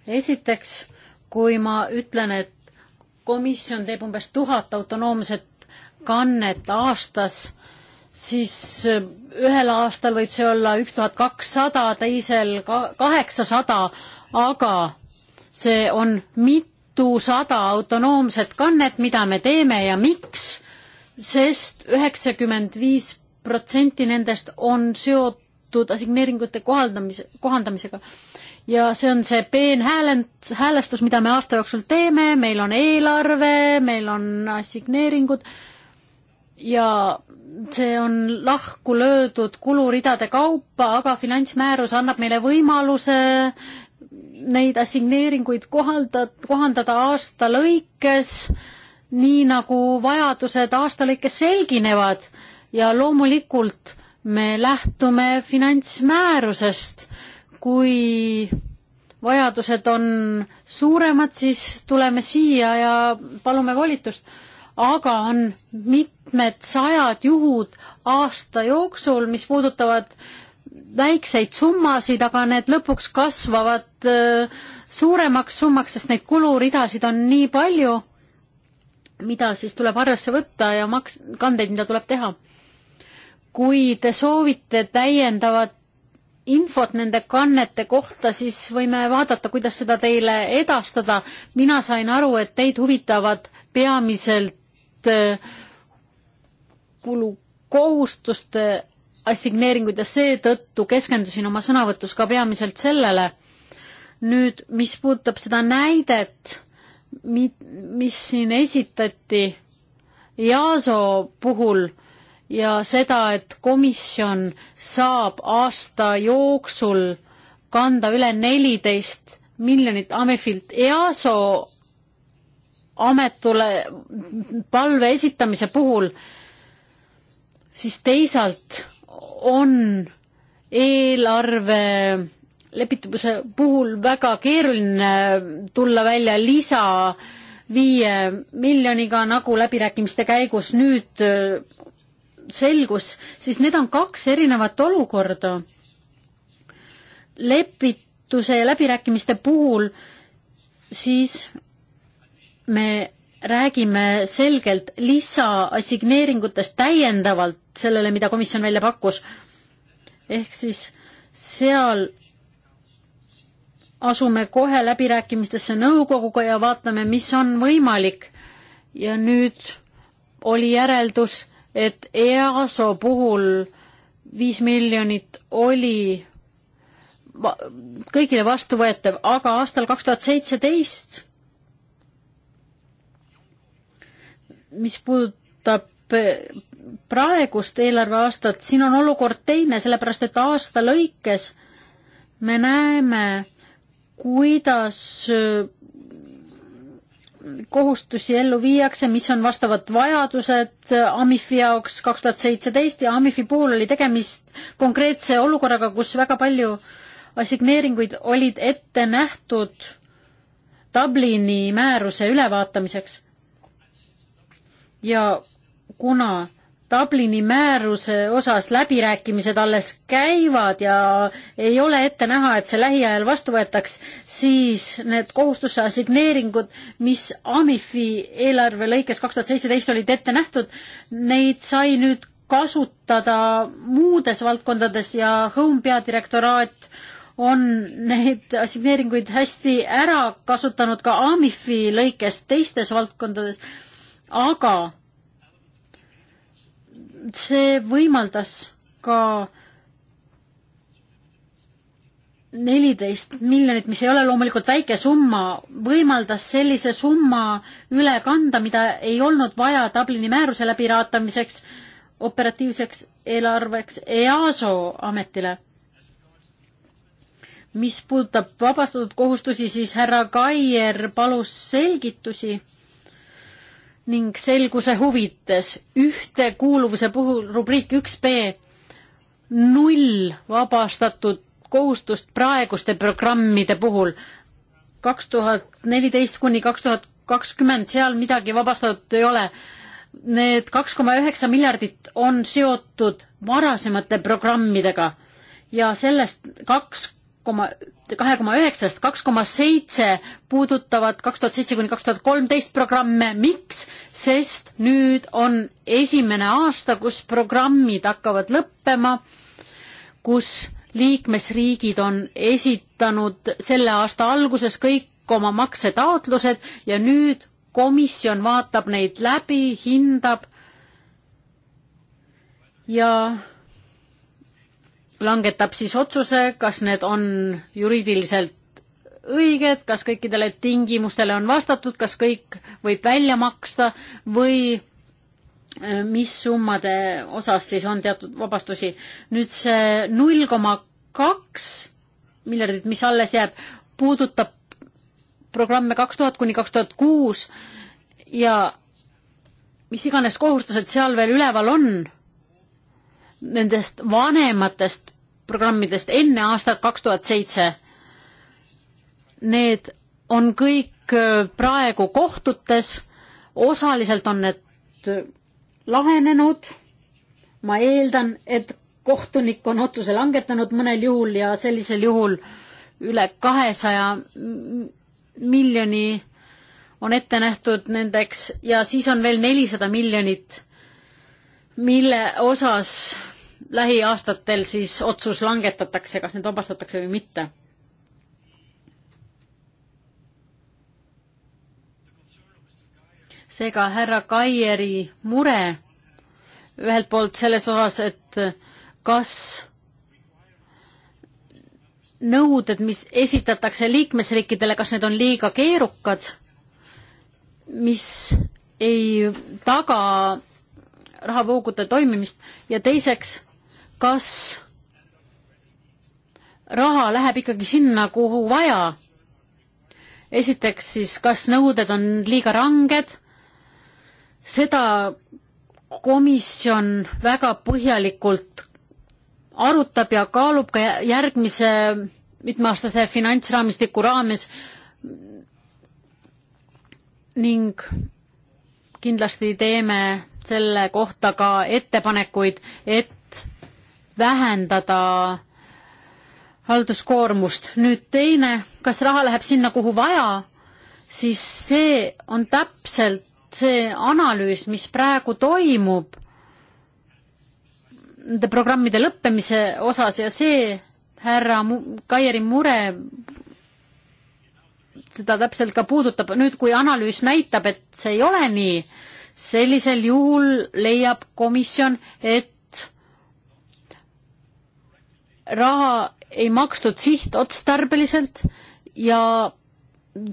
C: esiteks, kui ma ütlen, et komisjon teeb umbes tuhat autonoomset kannet aastas, siis ühel aastal võib see olla üks tuhat kakssada, teisel kaheksasada, aga see on mitusada autonoomset kannet, mida me teeme ja miks sest üheksakümmend viis protsenti nendest on seotud assigneeringute kohaldamise, kohandamisega. ja see on see peenhäälend-, häälestus, mida me aasta jooksul teeme, meil on eelarve, meil on assigneeringud ja see on lahku löödud kuluridade kaupa, aga finantsmäärus annab meile võimaluse neid assigneeringuid kohaldada, kohandada aasta lõikes äh, nii nagu vajadused aasta lõikes selginevad ja loomulikult me lähtume finantsmäärusest. kui vajadused on suuremad, siis tuleme siia ja palume volitust. aga on mitmed sajad juhud aasta jooksul, mis puudutavad väikseid summasid, aga need lõpuks kasvavad äh, suuremaks summaks, sest neid kuluridasid on nii palju mida siis tuleb arvesse võtta ja maks-, kandeid, mida tuleb teha. kui te soovite täiendavat infot nende kannete kohta, siis võime vaadata, kuidas seda teile edastada. mina sain aru, et teid huvitavad peamiselt äh, kulukohustuste assigneeringud ja seetõttu keskendusin oma sõnavõtus ka peamiselt sellele. nüüd, mis puudutab seda näidet, mis siin esitati EASO puhul ja seda, et komisjon saab aasta jooksul kanda üle neliteist miljonit Amefilt EASO ametule palve esitamise puhul, siis teisalt on eelarve lepituse puhul väga keeruline tulla välja lisa viie miljoniga, nagu läbirääkimiste käigus nüüd äh, selgus, siis need on kaks erinevat olukorda. lepituse ja läbirääkimiste puhul siis me räägime selgelt lisaassigneeringutest täiendavalt sellele, mida komisjon välja pakkus. ehk siis seal asume kohe läbirääkimistesse nõukoguga ja vaatame, mis on võimalik. ja nüüd oli järeldus, et EASO puhul viis miljonit oli kõigile vastuvõetav, aga aastal kaks tuhat seitseteist, mis puudutab eh, praegust eelarveaastat, siin on olukord teine, sellepärast et aasta lõikes me näeme, kuidas äh, kohustusi ellu viiakse, mis on vastavad vajadused äh, Amifi jaoks kaks tuhat seitseteist ja Amifi puhul oli tegemist konkreetse olukorraga, kus väga palju assigneeringuid olid ette nähtud Dublini määruse ülevaatamiseks. ja kuna Dublini määruse osas läbirääkimised alles käivad ja ei ole ette näha, et see lähiajal vastu võetaks, siis need kohustuse assigneeringud, mis AMIF-i eelarve lõikes kaks tuhat seitseteist olid ette nähtud, neid sai nüüd kasutada muudes valdkondades ja Home peadirektoraat on neid assigneeringuid hästi ära kasutanud ka AMIF-i lõikes teistes valdkondades, aga see võimaldas ka neliteist miljonit, mis ei ole loomulikult väike summa, võimaldas sellise summa üle kanda, mida ei olnud vaja Dublini määruse läbiraatamiseks, operatiivseks eelarveks EASO ametile. mis puudutab vabastatud kohustusi, siis härra Kaier palus selgitusi ning selguse huvides ühtekuuluvuse puhul rubriik üks B null vabastatud kohustust praeguste programmide puhul kaks tuhat neliteist kuni kaks tuhat kakskümmend, seal midagi vabastatud ei ole. Need kaks koma üheksa miljardit on seotud varasemate programmidega ja sellest kaks koma, kahe koma üheksast kaks koma seitse puudutavad kaks tuhat seitse kuni kaks tuhat kolmteist programme, miks? sest nüüd on esimene aasta, kus programmid hakkavad lõppema, kus liikmesriigid on esitanud selle aasta alguses kõik oma maksetaotlused ja nüüd komisjon vaatab neid läbi, hindab ja langetab siis otsuse, kas need on juriidiliselt õiged, kas kõikidele tingimustele on vastatud, kas kõik võib välja maksta või äh, mis summade osas siis on teatud vabastusi. nüüd see null koma kaks miljardit, mis alles jääb, puudutab programme kaks tuhat kuni kaks tuhat kuus ja mis iganes kohustused seal veel üleval on nendest vanematest programmidest enne aastat kaks tuhat seitse. Need on kõik äh, praegu kohtutes, osaliselt on need äh, lahenenud. ma eeldan, et kohtunik on otsuse langetanud mõnel juhul ja sellisel juhul üle kahesaja miljoni on ette nähtud nendeks ja siis on veel nelisada miljonit, mille osas lähiaastatel siis otsus langetatakse, kas need vabastatakse või mitte. seega härra Kaieri mure ühelt poolt selles osas, et kas nõuded, mis esitatakse liikmesriikidele, kas need on liiga keerukad, mis ei taga rahavoogude toimimist ja teiseks kas raha läheb ikkagi sinna, kuhu vaja. esiteks siis, kas nõuded on liiga ranged, seda komisjon väga põhjalikult arutab ja kaalub ka järgmise mitmeaastase finantsraamistiku raames ning kindlasti teeme selle kohta ka ettepanekuid, et vähendada halduskoormust. nüüd teine, kas raha läheb sinna, kuhu vaja, siis see on täpselt see analüüs, mis praegu toimub nende programmide lõppemise osas ja see härra Kaieri mure seda täpselt ka puudutab. nüüd, kui analüüs näitab, et see ei ole nii, sellisel juhul leiab komisjon, et raha ei makstud sihtotstarbeliselt ja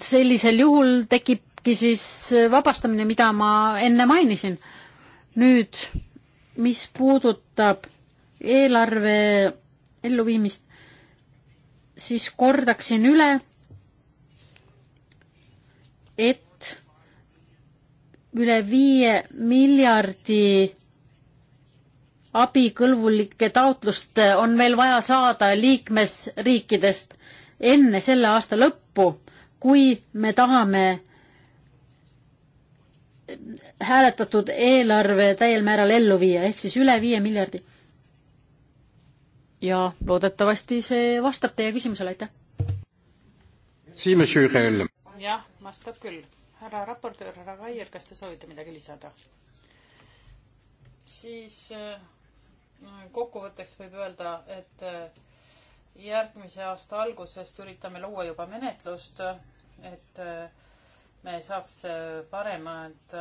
C: sellisel juhul tekibki siis vabastamine, mida ma enne mainisin. nüüd, mis puudutab eelarve elluviimist, siis kordaksin üle, et üle viie miljardi abikõlbulike taotlust on meil vaja saada liikmesriikidest enne selle aasta lõppu, kui me tahame hääletatud eelarve täiel määral ellu viia, ehk siis üle viie miljardi. ja loodetavasti see vastab teie küsimusele, aitäh.
B: jah, vastab küll. härra raportöör, härra Kaier, kas te soovite midagi lisada? siis äh kokkuvõtteks võib öelda, et eh, järgmise aasta algusest üritame luua juba menetlust, et eh, me saaks eh, paremat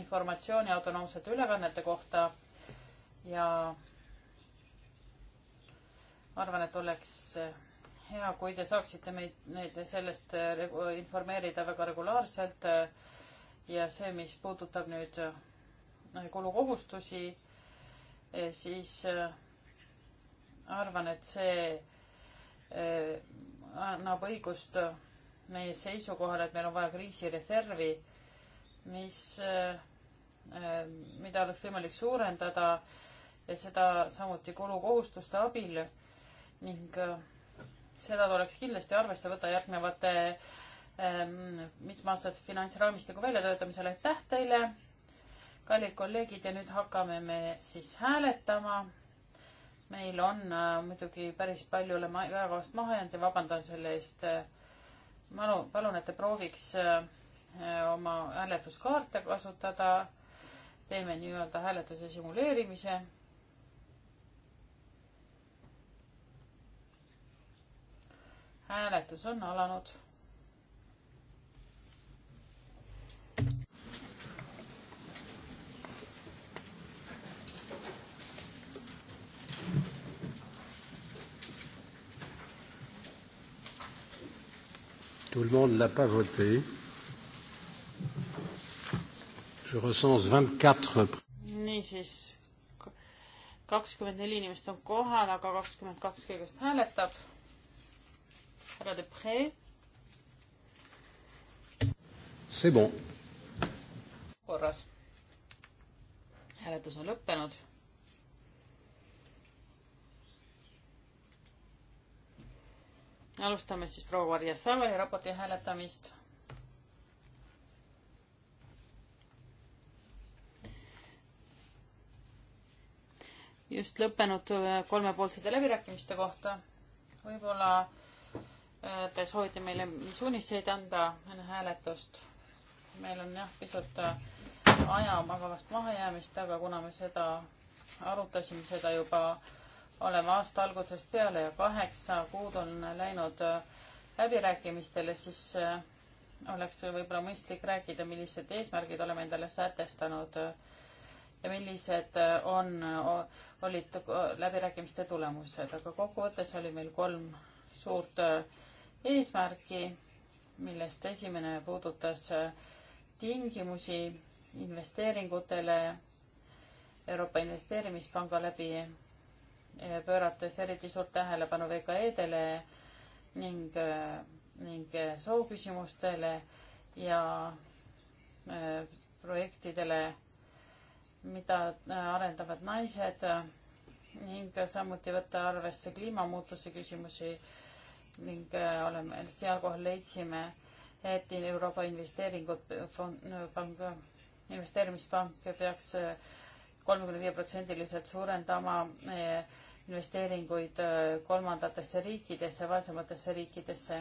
B: informatsiooni autonoomsete ülekannete kohta ja arvan, et oleks hea, kui te saaksite meid, neid sellest informeerida väga regulaarselt ja see, mis puudutab nüüd kulukohustusi siis äh, arvan, et see äh, annab õigust meie seisukohale, et meil on vaja kriisireservi, mis, äh, mida oleks võimalik suurendada ja seda samuti kulukohustuste abil ning seda tuleks kindlasti arvesse võtta järgnevate mitmeaastase finantsraamistiku väljatöötamisel. aitäh teile! kallid kolleegid ja nüüd hakkame me siis hääletama. meil on äh, muidugi päris palju oleme ajakavast maha jäänud ja vabandan selle eest äh,. Manu, palun, et te prooviks äh, äh oma hääletuskaarte kasutada. teeme nii-öelda hääletuse simuleerimise. hääletus on
D: alanud
A: Tout le monde ne l'a pas voté. Je recense 24.
B: niisiis, kakskümmend neli inimest on kohal, aga kakskümmend kaks kõigest hääletab. härra Depree. C'est bon. korras. hääletus on lõppenud alustame siis proua Varje Savali raporti hääletamist. just lõppenud äh, kolmepoolsete läbirääkimiste kohta. võib-olla äh, te soovite meile suuniseid anda enne hääletust. meil on jah, pisut äh, aja vabast mahajäämist, aga kuna me seda arutasime seda juba äh, oleme aasta algusest peale ja kaheksa kuud on läinud äh, läbirääkimistele, siis äh, oleks võib-olla mõistlik rääkida, millised eesmärgid oleme endale sätestanud äh, ja millised on, olid läbirääkimiste tulemused, aga kokkuvõttes oli meil kolm suurt eesmärki, millest esimene puudutas tingimusi investeeringutele Euroopa Investeerimispanga läbi pöörates eriti suurt tähelepanu VKE-dele ning, ning sooküsimustele ja äh, projektidele, mida äh, arendavad naised ning samuti võtta arvesse kliimamuutuse küsimusi ning äh, oleme, sealkohal leidsime, et Euroopa Investeeringud, pank, investeerimispank peaks kolmekümne viie protsendiliselt suurendama eh, investeeringuid äh, kolmandatesse riikidesse, vaesematesse riikidesse.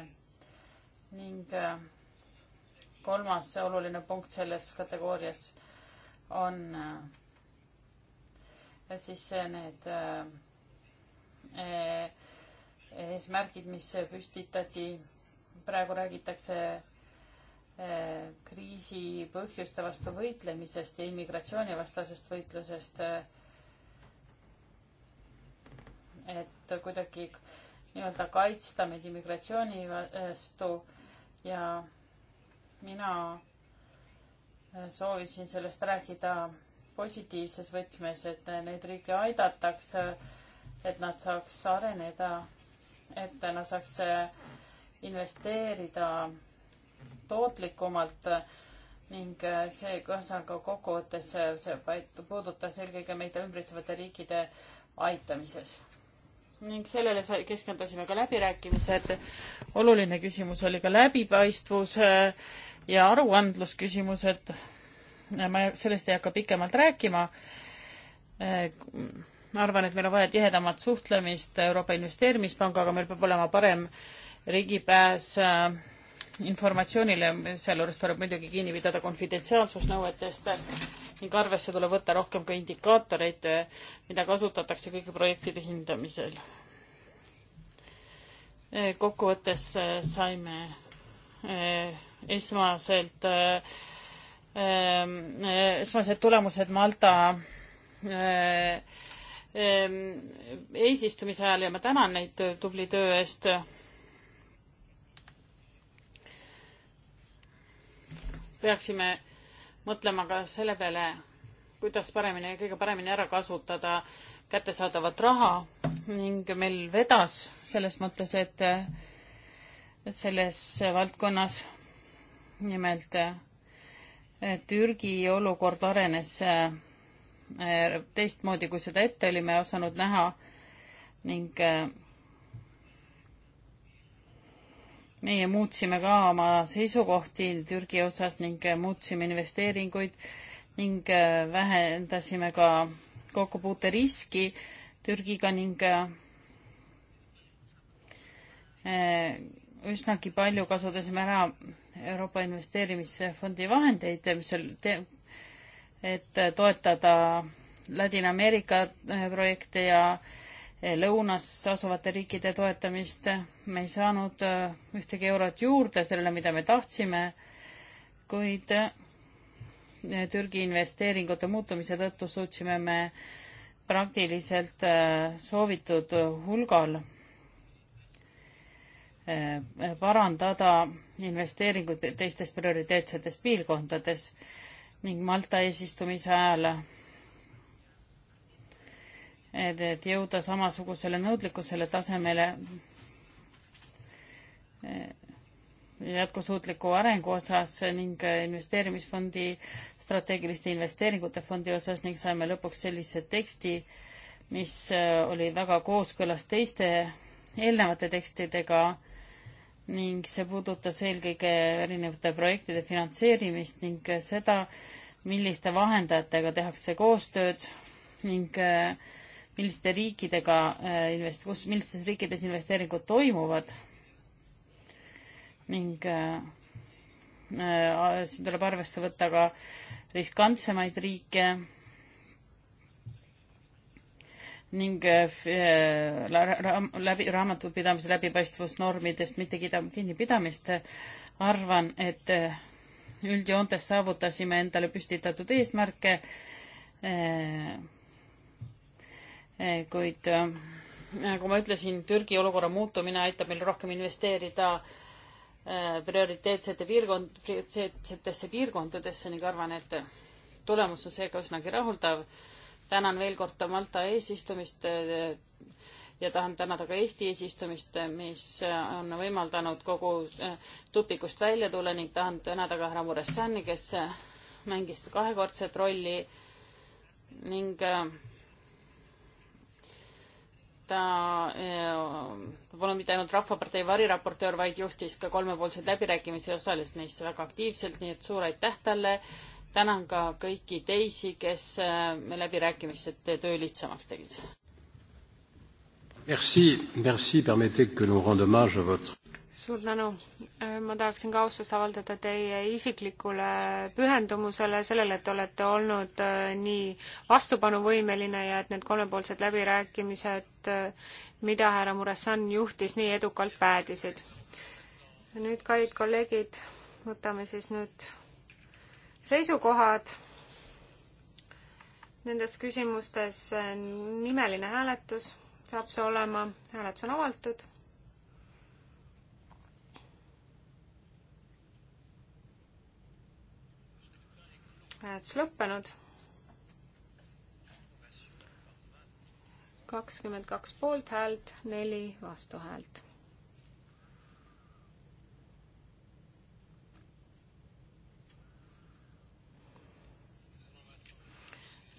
B: ning äh, kolmas oluline punkt selles kategoorias on äh, siis need eesmärgid, mis püstitati. praegu räägitakse kriisi põhjuste vastu võitlemisest ja immigratsioonivastasest võitlusest et kuidagi nii-öelda kaitsta meid immigratsiooni vastu ja mina äh, soovisin sellest rääkida positiivses võtmes, et äh, neid riike aidataks, et nad saaks areneda, et nad saaks äh, investeerida tootlikumalt ning see ühesõnaga kokkuvõttes see, see puudutas eelkõige meid ümbritsevate riikide aitamises ning sellele keskendusime ka läbirääkimised. oluline küsimus oli ka läbipaistvus äh, ja aruandlusküsimused. ma sellest ei hakka pikemalt rääkima. ma äh, arvan, et meil on vaja tihedamat suhtlemist Euroopa Investeerimispangaga, meil peab olema parem ligipääs äh, informatsioonile, sealjuures tuleb muidugi kinni pidada konfidentsiaalsusnõuetest ning arvesse tuleb võtta rohkem ka indikaatoreid, mida kasutatakse kõigi projektide hindamisel. kokkuvõttes äh, saime äh, esmaselt, äh, esmased tulemused Malta eesistumise ajal ja ma tänan neid tubli töö eest peaksime mõtlema ka selle peale, kuidas paremini, kõige paremini ära kasutada kättesaadavat raha ning meil vedas selles mõttes, et selles valdkonnas nimelt Türgi olukord arenes eh, teistmoodi, kui seda ette olime osanud näha ning eh, meie muutsime ka oma seisukohti Türgi osas ning muutsime investeeringuid ning äh, vähendasime ka kokkupuuteriski Türgiga ning äh, äh, üsnagi palju kasutasime ära Euroopa Investeerimisfondi vahendeid, mis oli, et toetada Ladina-Ameerika projekte ja äh, lõunas asuvate riikide toetamist. me ei saanud äh, ühtegi eurot juurde sellele, mida me tahtsime, kuid äh, Türgi investeeringute muutumise tõttu suutsime me praktiliselt äh, soovitud hulgal parandada investeeringuid teistes prioriteetsetes piirkondades ning Malta eesistumise ajal et jõuda samasugusele nõudlikkusele tasemele eh, jätkusuutliku arengu osas ning investeerimisfondi, strateegiliste investeeringute fondi osas ning saime lõpuks sellise teksti, mis eh, oli väga kooskõlas teiste eelnevate tekstidega ning see puudutas eelkõige erinevate projektide finantseerimist ning seda, milliste vahendajatega tehakse koostööd ning äh, milliste riikidega äh, invest-, kus, millistes riikides investeeringud toimuvad ning äh, äh, siin tuleb arvesse võtta ka riskantsemaid riike ning äh, äh läbi, raamatupidamise läbipaistvusnormidest mitte kinnipidamist. arvan, et äh, üldjoontes saavutasime endale püstitatud eesmärke Eh, kuid eh, nagu ma ütlesin, Türgi olukorra muutumine aitab meil rohkem investeerida eh, prioriteetsete piirkond, prioriteetsetesse piirkondadesse ning arvan, et tulemus on seega üsnagi rahuldav. tänan veel kord Malta eesistumist ja tahan tänada ka Eesti eesistumist, mis on võimaldanud kogu tupikust välja tulla ning tahan tänada ka härra Muressani, kes mängis kahekordset rolli ning ta äh, pole mitte ainult Rahvapartei variraportöör, vaid juhtis ka kolmepoolseid läbirääkimisi ja osales neis väga aktiivselt, nii et suur aitäh talle. tänan ka kõiki teisi, kes äh, läbirääkimised töö lihtsamaks tegid.
A: Merci, merci, permettez que nous rendons hommage à votre
D: suur tänu. Äh, ma tahaksin ka austust avaldada teie isiklikule pühendumusele, sellele, et olete olnud äh, nii vastupanuvõimeline ja et need kolmepoolsed läbirääkimised, äh, mida härra Muressan juhtis, nii edukalt päädisid. nüüd, kallid kolleegid, võtame siis nüüd seisukohad nendes küsimustes. nimeline hääletus saab see olema, hääletus on avatud hääletus lõppenud. kakskümmend kaks poolthäält, neli vastuhäält.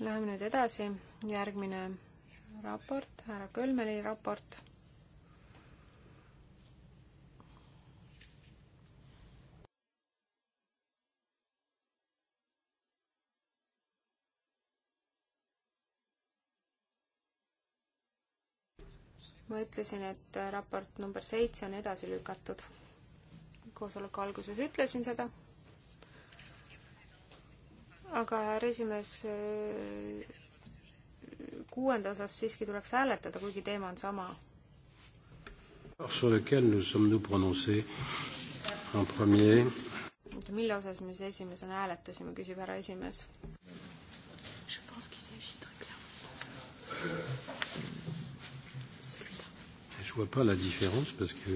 D: Läheme nüüd edasi, järgmine raport, härra Kölmeli raport ma ütlesin, et äh, raport number seitse on edasi lükatud. koosoleku alguses ütlesin seda. aga härra esimees, äh, kuuenda osas siiski tuleks hääletada, kuigi teema on sama. mille osas me siis esimesena hääletasime, küsib härra esimees. Je pense qu'il s'agit d'un
A: clair vois pas la différence parce que.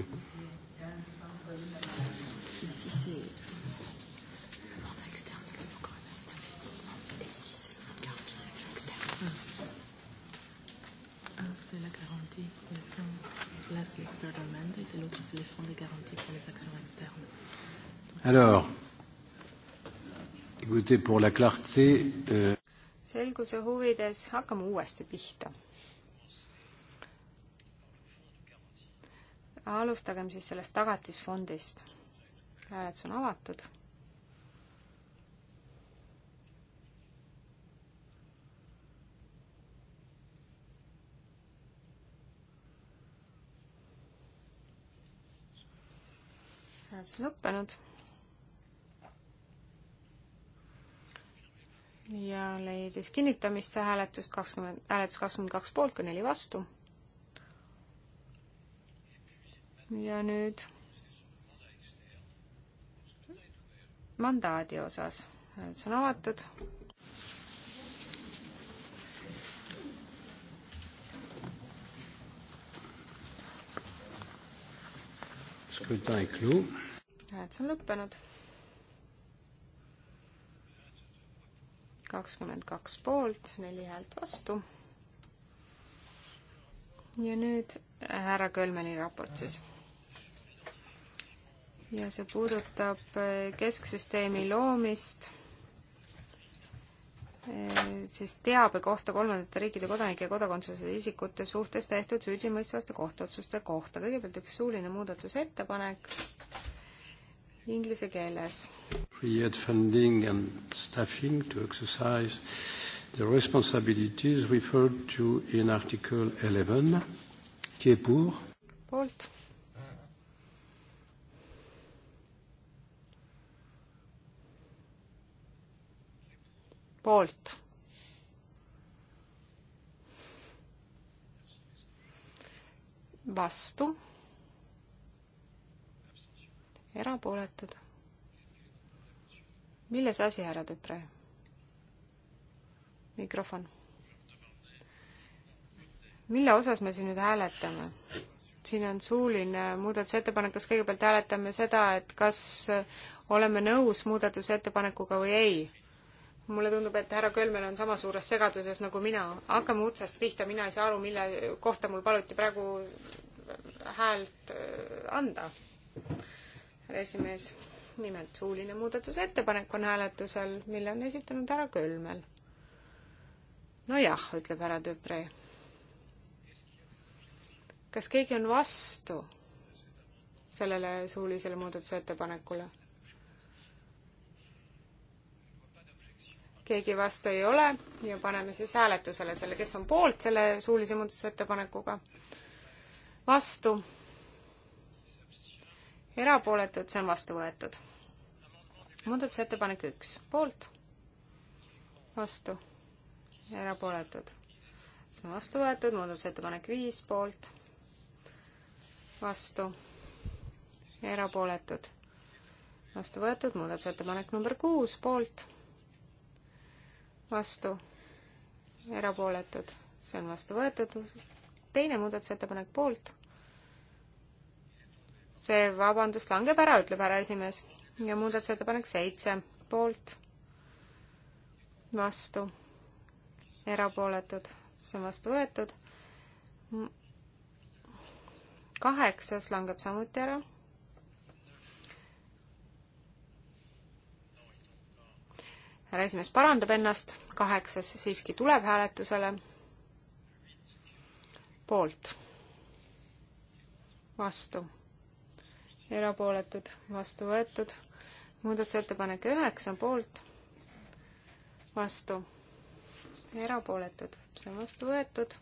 A: Ici, c'est
C: le mandat externe de l'Union quand même d'investissement. Et ici, c'est le fonds de garantie des actions externes. Un, c'est la
B: garantie pour les fonds. Là, c'est l'external mandate et l'autre, c'est les fonds de garantie pour les actions externes.
A: Donc, Alors, écoutez, pour la clarté. Euh...
D: selguse huvides hakkame uuesti pihta alustagem siis sellest tagatisfondist. hääletus on avatud. hääletus on lõppenud. ja leidis kinnitamist see hääletust kakskümmend, hääletus kakskümmend kaks poolt kui neli vastu ja nüüd mandaadi osas. nüüd see on avatud. hääletus on lõppenud. kakskümmend kaks poolt, neli häält vastu. ja nüüd härra Kölmeni raport siis ja see puudutab eh, kesksüsteemi loomist eh, siis teabe kohta kolmandate riikide kodanike ja kodakondsuseta isikute suhtes tehtud süüdimõistvaste kohtuotsuste kohta. kõigepealt üks suuline muudatusettepanek inglise keeles.
A: Create funding and staffing to exercise the responsibilities referred to in article eleven. Qui est pour?
D: poolt poolt. vastu. erapooletud. milles asi, härra Tütre? mikrofon. mille osas me siin nüüd hääletame? siin on suuline muudatusettepanek, kas kõigepealt hääletame seda, et kas oleme nõus muudatusettepanekuga või ei? mulle tundub, et härra Kölmel on sama suures segaduses nagu mina. hakkame otsast pihta, mina ei saa aru, mille kohta mul paluti praegu häält äh, anda. härra esimees, nimelt suuline muudatusettepanek on hääletusel, mille on esitanud härra Kölmel. nojah, ütleb härra Tüpre. kas keegi on vastu sellele suulisele muudatusettepanekule? keegi vastu ei ole ja paneme siis hääletusele selle, kes on poolt selle suulise muudatusettepanekuga, vastu, erapooletud, see on vastu võetud. muudatusettepanek üks, poolt, vastu, erapooletud, see on vastu võetud, muudatusettepanek viis, poolt, vastu, erapooletud, vastu võetud, muudatusettepanek number kuus, poolt vastu, erapooletud, see on vastu võetud. teine muudatusettepanek poolt. see, vabandust, langeb ära, ütleb härra esimees. ja muudatusettepanek seitse poolt, vastu, erapooletud, see on vastu võetud. kaheksas langeb samuti ära härra esimees parandab ennast, kaheksas siiski tuleb hääletusele. poolt, vastu, erapooletud, vastu võetud, muudatusettepanek üheksa, poolt, vastu, erapooletud, see on vastu võetud,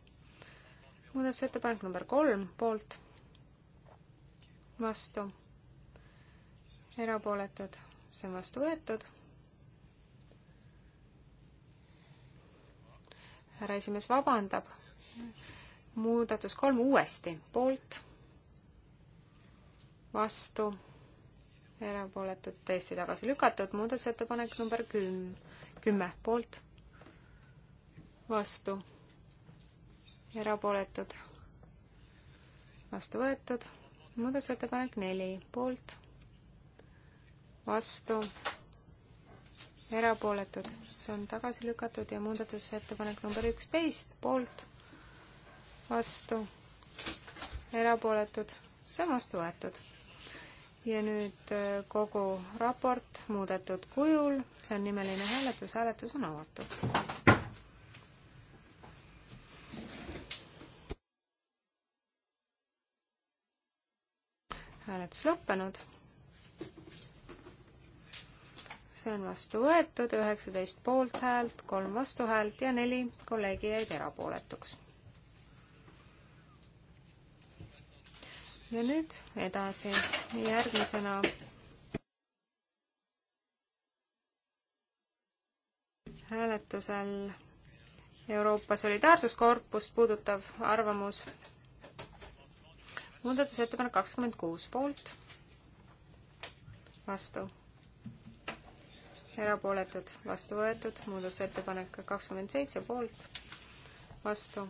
D: muudatusettepanek number kolm, poolt, vastu, erapooletud, see on vastu võetud härra esimees vabandab. muudatus kolm uuesti, poolt, vastu, erapooletud tõesti tagasi lükatud, muudatusettepanek number küm-, kümme, poolt, vastu, erapooletud, vastu võetud, muudatusettepanek neli, poolt, vastu erapooletud, see on tagasi lükatud ja muudatusettepanek number üksteist, poolt, vastu, erapooletud, see on vastu võetud. ja nüüd äh, kogu raport muudetud kujul, see on nimeline hääletus, hääletus on avatud. hääletus lõppenud see on vastu võetud, üheksateist poolthäält, kolm vastuhäält ja neli kolleegi jäid erapooletuks. ja nüüd edasi, järgmisena hääletusel Euroopa Solidaarsuskorpust puudutav arvamus. muudatusettepanek kakskümmend kuus poolt, vastu erapooletud, vastu võetud, muudatusettepanek kakskümmend seitse poolt, vastu,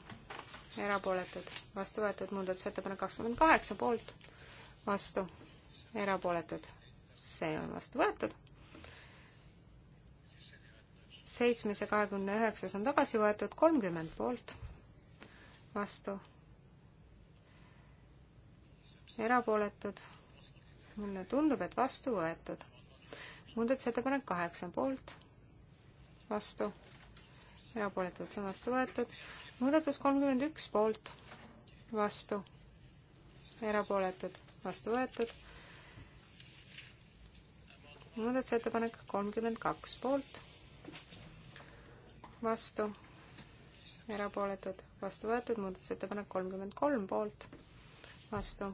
D: erapooletud, vastu võetud, muudatusettepanek kakskümmend kaheksa poolt, vastu, erapooletud, see on vastu võetud. seitsmes ja kahekümne üheksas on tagasi võetud, kolmkümmend poolt, vastu, erapooletud, mulle tundub, et vastu võetud muudatusettepanek kaheksa poolt, vastu, erapooletud, see on vastu võetud. muudatus kolmkümmend üks poolt, vastu, erapooletud, vastu võetud. muudatusettepanek kolmkümmend kaks poolt, vastu, erapooletud, vastu võetud. muudatusettepanek kolmkümmend kolm poolt, vastu,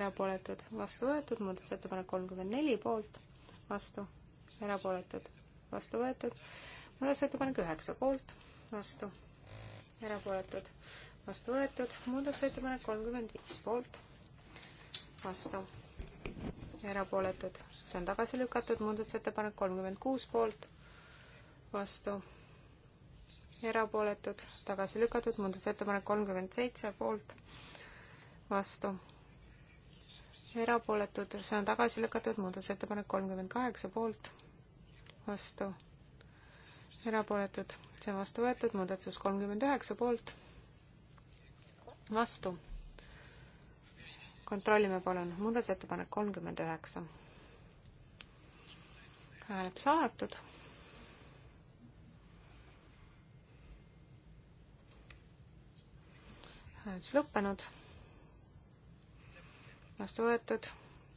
D: erapooletud, vastu võetud. muudatusettepanek kolmkümmend neli poolt vastu, erapooletud, vastu võetud. muudatusettepanek üheksa poolt, vastu, erapooletud, vastu võetud. muudatusettepanek kolmkümmend viis poolt, vastu, erapooletud. see on tagasi lükatud. muudatusettepanek kolmkümmend kuus poolt, vastu erapooletud, tagasi lükatud, muudatusettepanek kolmkümmend seitse poolt, vastu, erapooletud, see on tagasi lükatud, muudatusettepanek kolmkümmend kaheksa poolt, vastu, erapooletud, see on vastu võetud, muudatus kolmkümmend üheksa poolt, vastu. kontrollime palun, muudatusettepanek kolmkümmend üheksa. hääletus avatud. hääletus lõppenud vastu võetud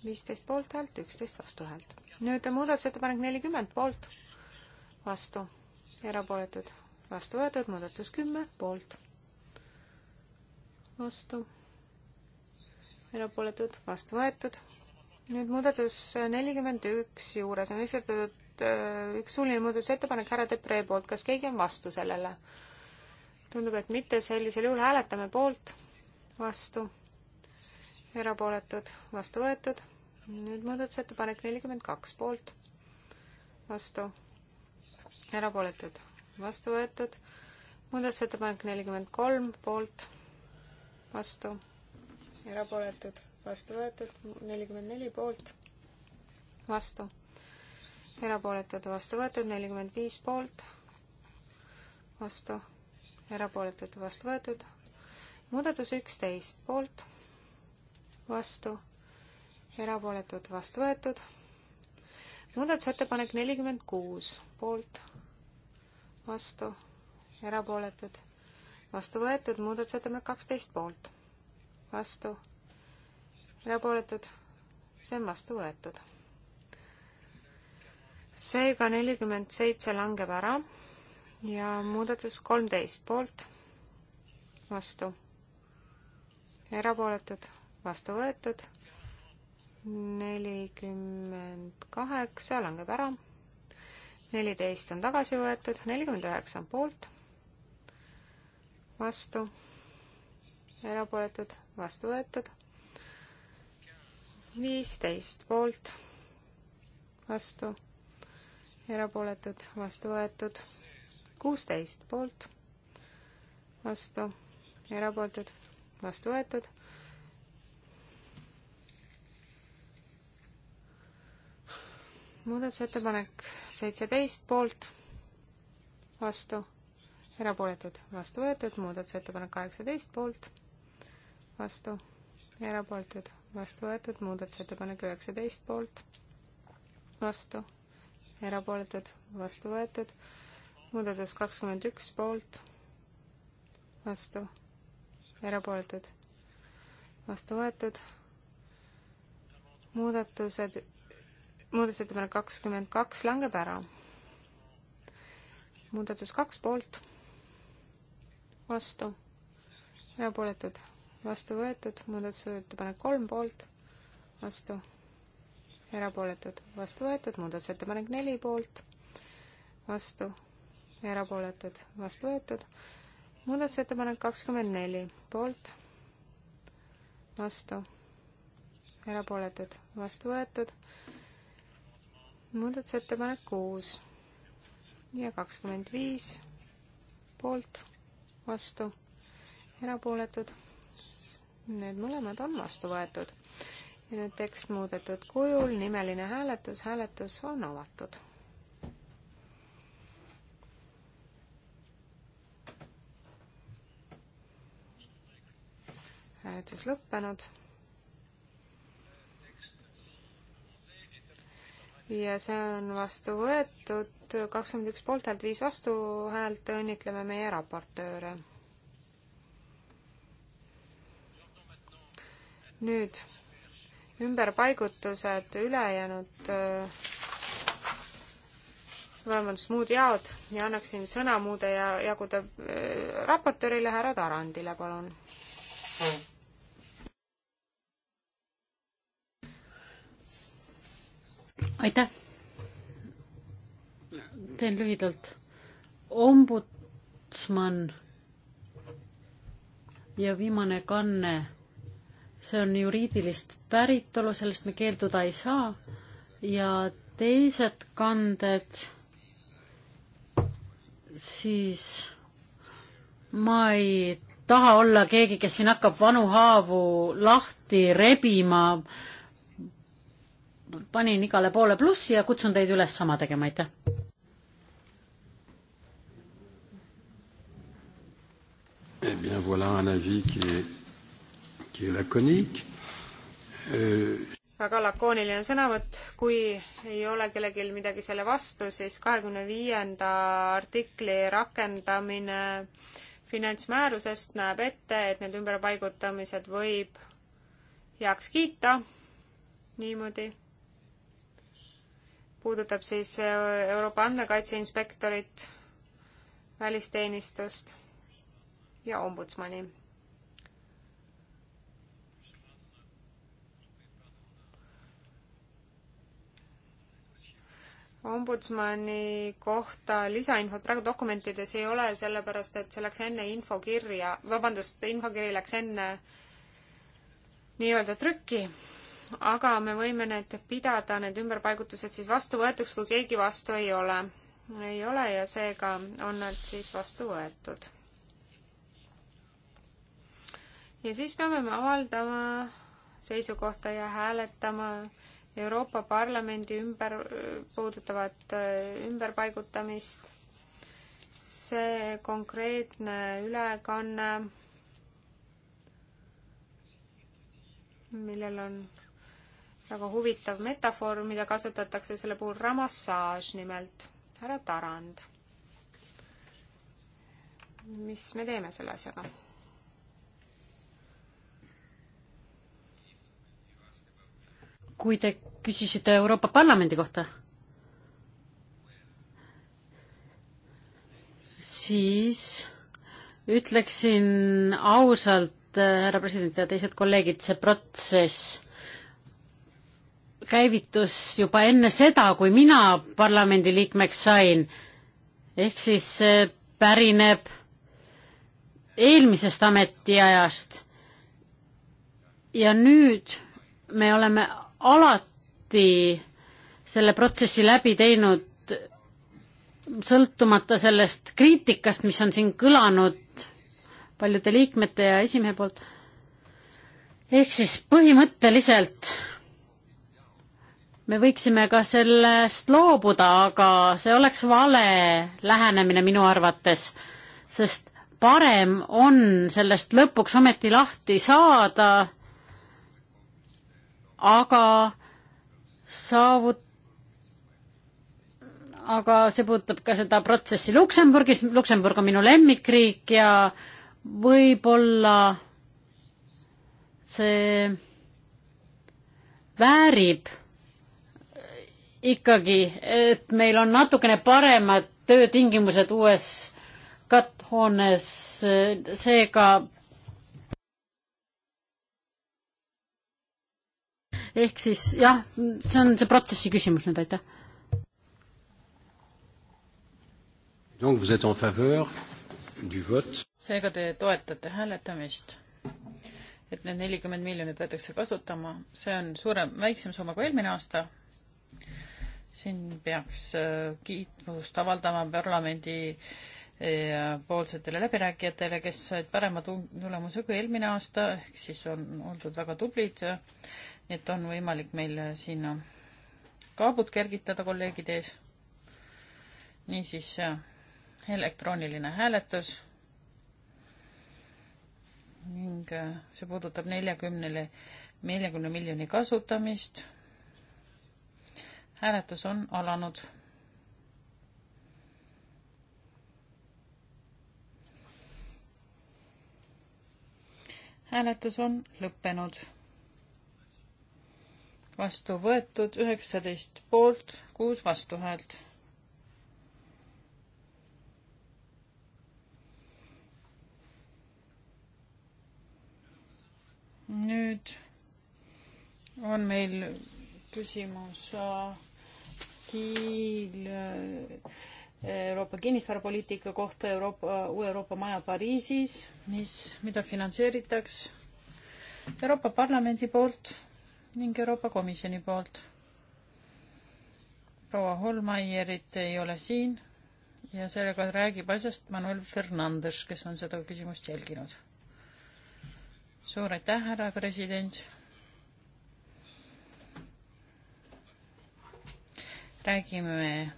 D: viisteist poolthäält, üksteist vastuhäält. nüüd muudatusettepanek nelikümmend poolt, vastu, erapooletud, vastu võetud, muudatus kümme poolt, vastu, erapooletud, vastu võetud. nüüd muudatus nelikümmend üks juures on esitatud äh, üks suuline muudatusettepanek härra Depree poolt, kas keegi on vastu sellele? tundub, et mitte, sellisel juhul hääletame poolt, vastu erapooletud, vastu võetud. nüüd muudatusettepanek nelikümmend kaks poolt, vastu, erapooletud, vastu võetud. muudatusettepanek nelikümmend kolm poolt, vastu, erapooletud, vastu võetud, nelikümmend neli poolt, vastu, erapooletud, vastu võetud, nelikümmend viis poolt, vastu, erapooletud, vastu võetud. muudatus üksteist poolt vastu, erapooletud, vastu võetud. muudatusettepanek nelikümmend kuus, poolt, vastu, erapooletud, vastu võetud, muudatusettepanek kaksteist poolt, vastu, erapooletud, see on vastu võetud seega nelikümmend seitse langeb ära ja muudatus kolmteist poolt, vastu, erapooletud, vastu võetud. nelikümmend kaheksa langeb ära. neliteist on tagasi võetud, nelikümmend üheksa on poolt, vastu, erapooletud, vastu võetud. viisteist poolt, vastu, erapooletud, vastu võetud. kuusteist poolt, vastu, erapooletud, vastu võetud muudatusettepanek seitseteist poolt, vastu, erapooletud, vastu võetud, muudatusettepanek kaheksateist poolt, vastu, erapooletud, vastu võetud, muudatusettepanek üheksateist poolt, vastu, erapooletud, vastu võetud, muudatus kakskümmend üks poolt, vastu, erapooletud, vastu võetud, muudatused muudatusettepanek kakskümmend kaks langeb ära. muudatus kaks poolt, vastu, erapooletud, vastu võetud, muudatusettepanek kolm poolt, vastu, erapooletud, vastu võetud, muudatusettepanek neli poolt, vastu, erapooletud, vastu võetud, muudatusettepanek kakskümmend neli poolt, vastu, erapooletud, vastu võetud muudatusettepanek kuus ja kakskümmend viis poolt, vastu, erapooletud. Need mõlemad on vastu võetud. ja nüüd tekst muudetud kujul, nimeline hääletus, hääletus on avatud. hääletus lõppenud ja see on vastu võetud, kakskümmend üks poolthäält, viis vastuhäält, õnnitleme meie raportööre. nüüd ümberpaigutused, ülejäänud äh, vabandust, muud jaod ja annaksin sõna muude ja jagude äh, raportöörile härra Tarandile, palun mm..
C: aitäh. teen lühidalt. ombudsman ja viimane kanne, see on juriidilist päritolu, sellest me keelduda ei saa ja teised kanded siis ma ei taha olla keegi, kes siin hakkab vanu haavu lahti rebima panin igale poole plussi ja kutsun teid üles sama tegema, aitäh!
A: Eh bien, voilà un avis qui est, qui est laconique. Euh...
D: väga lakooniline sõnavõtt, kui ei ole kellelgi midagi selle vastu, siis kahekümne viienda artikli rakendamine finantsmäärusest näeb ette, et need ümberpaigutamised võib heaks kiita niimoodi puudutab siis äh, Euroopa andmekaitse inspektorit, välisteenistust ja ombudsmani. ombudsmani kohta lisainfot praegu dokumentides ei ole, sellepärast et see läks enne infokirja, vabandust, infokiri läks enne nii-öelda trükki aga me võime need pidada, need ümberpaigutused siis vastuvõetuks, kui keegi vastu ei ole. ei ole ja seega on nad siis vastu võetud. ja siis peame me avaldama seisukohta ja hääletama Euroopa Parlamendi ümber, puudutavat äh, ümberpaigutamist. see konkreetne ülekanne millel on väga huvitav metafoor, mida kasutatakse selle puhul, ramassaaž nimelt, härra Tarand. mis me teeme selle asjaga?
C: kui te küsisite Euroopa Parlamendi kohta, siis ütleksin ausalt, härra president ja teised kolleegid, see protsess käivitus juba enne seda, kui mina parlamendiliikmeks sain. ehk siis see eh, pärineb eelmisest ametiajast. ja nüüd me oleme alati selle protsessi läbi teinud, sõltumata sellest kriitikast, mis on siin kõlanud paljude liikmete ja esimehe poolt. ehk siis põhimõtteliselt me võiksime ka sellest loobuda, aga see oleks vale lähenemine minu arvates, sest parem on sellest lõpuks ometi lahti saada, aga saavut-, aga see puudutab ka seda protsessi Luksemburgis, Luksemburg on minu lemmikriik ja võib-olla see väärib ikkagi, et meil on natukene paremad töötingimused uues katthoones, seega ehk siis jah, see on see protsessi küsimus nüüd, aitäh.
A: Donc vous êtes en faveur du vote.
B: seega te toetate hääletamist, et need nelikümmend miljonit võetakse kasutama, see on suurem, väiksem summa kui eelmine aasta siin peaks äh, kiitmust avaldama parlamendi äh, poolsetele läbirääkijatele, kes said parema tulemuse kui eelmine aasta, ehk siis on oldud väga tublid. nii et on võimalik meil siin kaabud kergitada kolleegide ees. niisiis äh, elektrooniline hääletus. ning see puudutab neljakümnele, neljakümne miljoni kasutamist hääletus on alanud. hääletus on lõppenud. vastu võetud üheksateist poolt, kuus vastuhäält. nüüd on meil küsimus äh, Hiil äh, Euroopa kinnisvarapoliitika kohta Euroopa, uue Euroopa maja Pariisis, mis, mida finantseeritaks Euroopa Parlamendi poolt ning Euroopa Komisjoni poolt. proua Holmeierit ei ole siin ja sellega räägib asjast Manuel Fernandes, kes on seda küsimust jälginud. suur aitäh, härra president räägime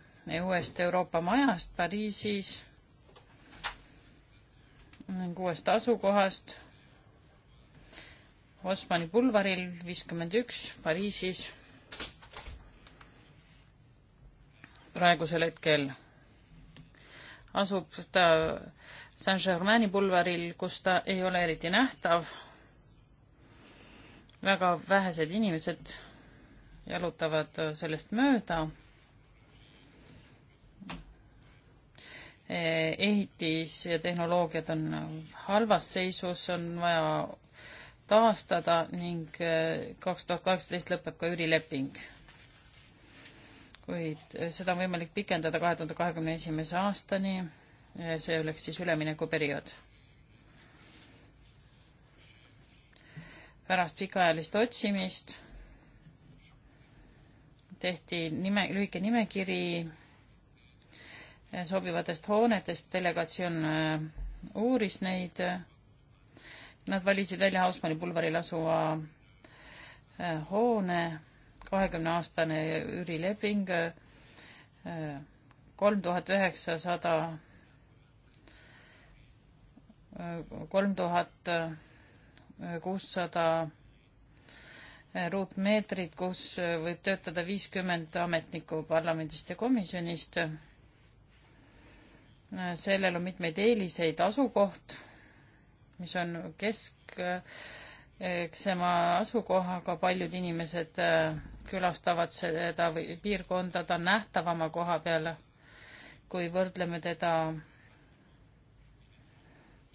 B: uuest Euroopa majast Pariisis ning uuest asukohast Osmani pulvaril viiskümmend üks Pariisis. praegusel hetkel asub ta Saint-Germaini pulvaril, kus ta ei ole eriti nähtav. väga vähesed inimesed jalutavad sellest mööda ehitis ja tehnoloogiad on halvas seisus, on vaja taastada ning eh, kaks tuhat kaheksateist lõpeb ka üürileping. kuid eh, seda on võimalik pikendada kahe tuhande kahekümne esimese aastani. Eh, see oleks siis üleminekuperiood. pärast pikaajalist otsimist tehti nime, lühike nimekiri sobivatest hoonetest, delegatsioon äh, uuris neid. Nad valisid välja Hausmanni pulvaril asuva äh, hoone, kahekümne aastane üürileping, äh, kolm tuhat üheksasada, kolm tuhat kuussada ruutmeetrit, kus võib töötada viiskümmend ametnikku parlamendist ja komisjonist sellel on mitmeid eeliseid, asukoht, mis on kesksema asukohaga, paljud inimesed äh, külastavad seda piirkonda, ta on nähtavama koha peal, kui võrdleme teda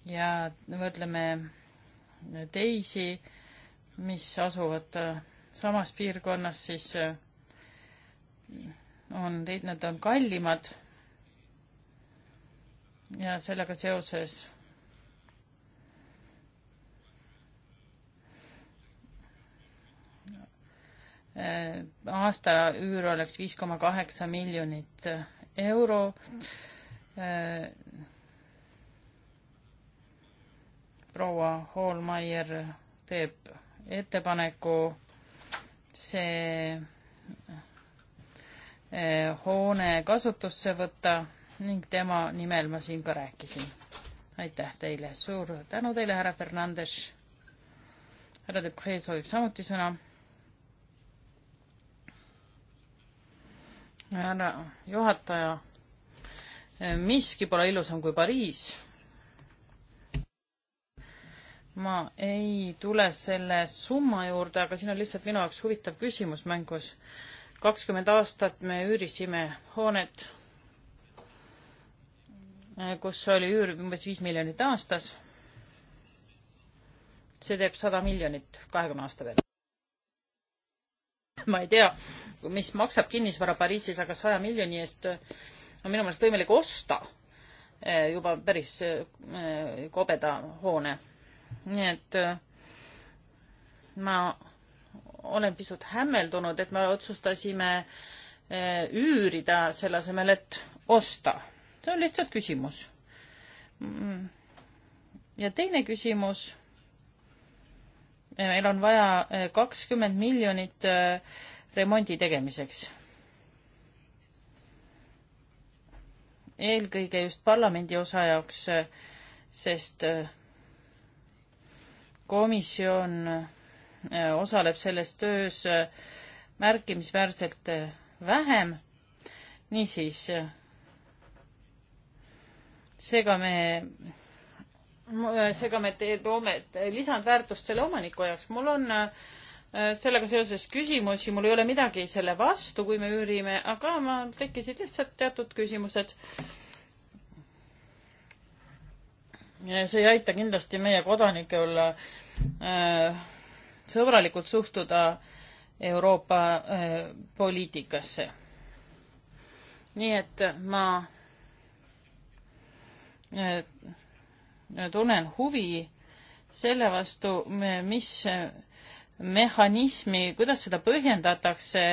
B: ja võrdleme teisi, mis asuvad äh, samas piirkonnas, siis äh, on, nad on kallimad ja sellega seoses aasta üür oleks viis koma kaheksa miljonit euro. proua Hallmeier teeb ettepaneku see hoone kasutusse võtta ning tema nimel ma siin ka rääkisin. aitäh teile, suur tänu teile, härra Fernandes. härra Depree soovib samuti sõna. härra juhataja, miski pole ilusam kui Pariis. ma ei tule selle summa juurde, aga siin on lihtsalt minu jaoks huvitav küsimus mängus. kakskümmend aastat me üürisime hoonet Äh, kus oli üür umbes viis miljonit aastas. see teeb sada miljonit kahekümne aasta peale. ma ei tea, mis maksab kinnisvara Pariisis, aga saja miljoni eest äh, on minu meelest võimalik osta äh, juba päris kobeda hoone. nii et ma olen pisut hämmeldunud, et me otsustasime üürida selle asemel, et osta see on lihtsalt küsimus. Mm. ja teine küsimus. meil on vaja eh, kakskümmend miljonit eh, remondi tegemiseks. eelkõige just parlamendi osa jaoks, eh, sest komisjon osaleb selles töös märkimisväärselt vähem. niisiis seega me seega me loome lisandväärtust selle omaniku jaoks. mul on äh, sellega seoses küsimusi, mul ei ole midagi selle vastu, kui me üürime, aga ma tekkisid lihtsalt teatud küsimused. see ei aita kindlasti meie kodanikke olla äh, sõbralikult suhtuda Euroopa äh, poliitikasse. nii et ma Äh, tunnen huvi selle vastu, mis äh, mehhanismi, kuidas seda põhjendatakse,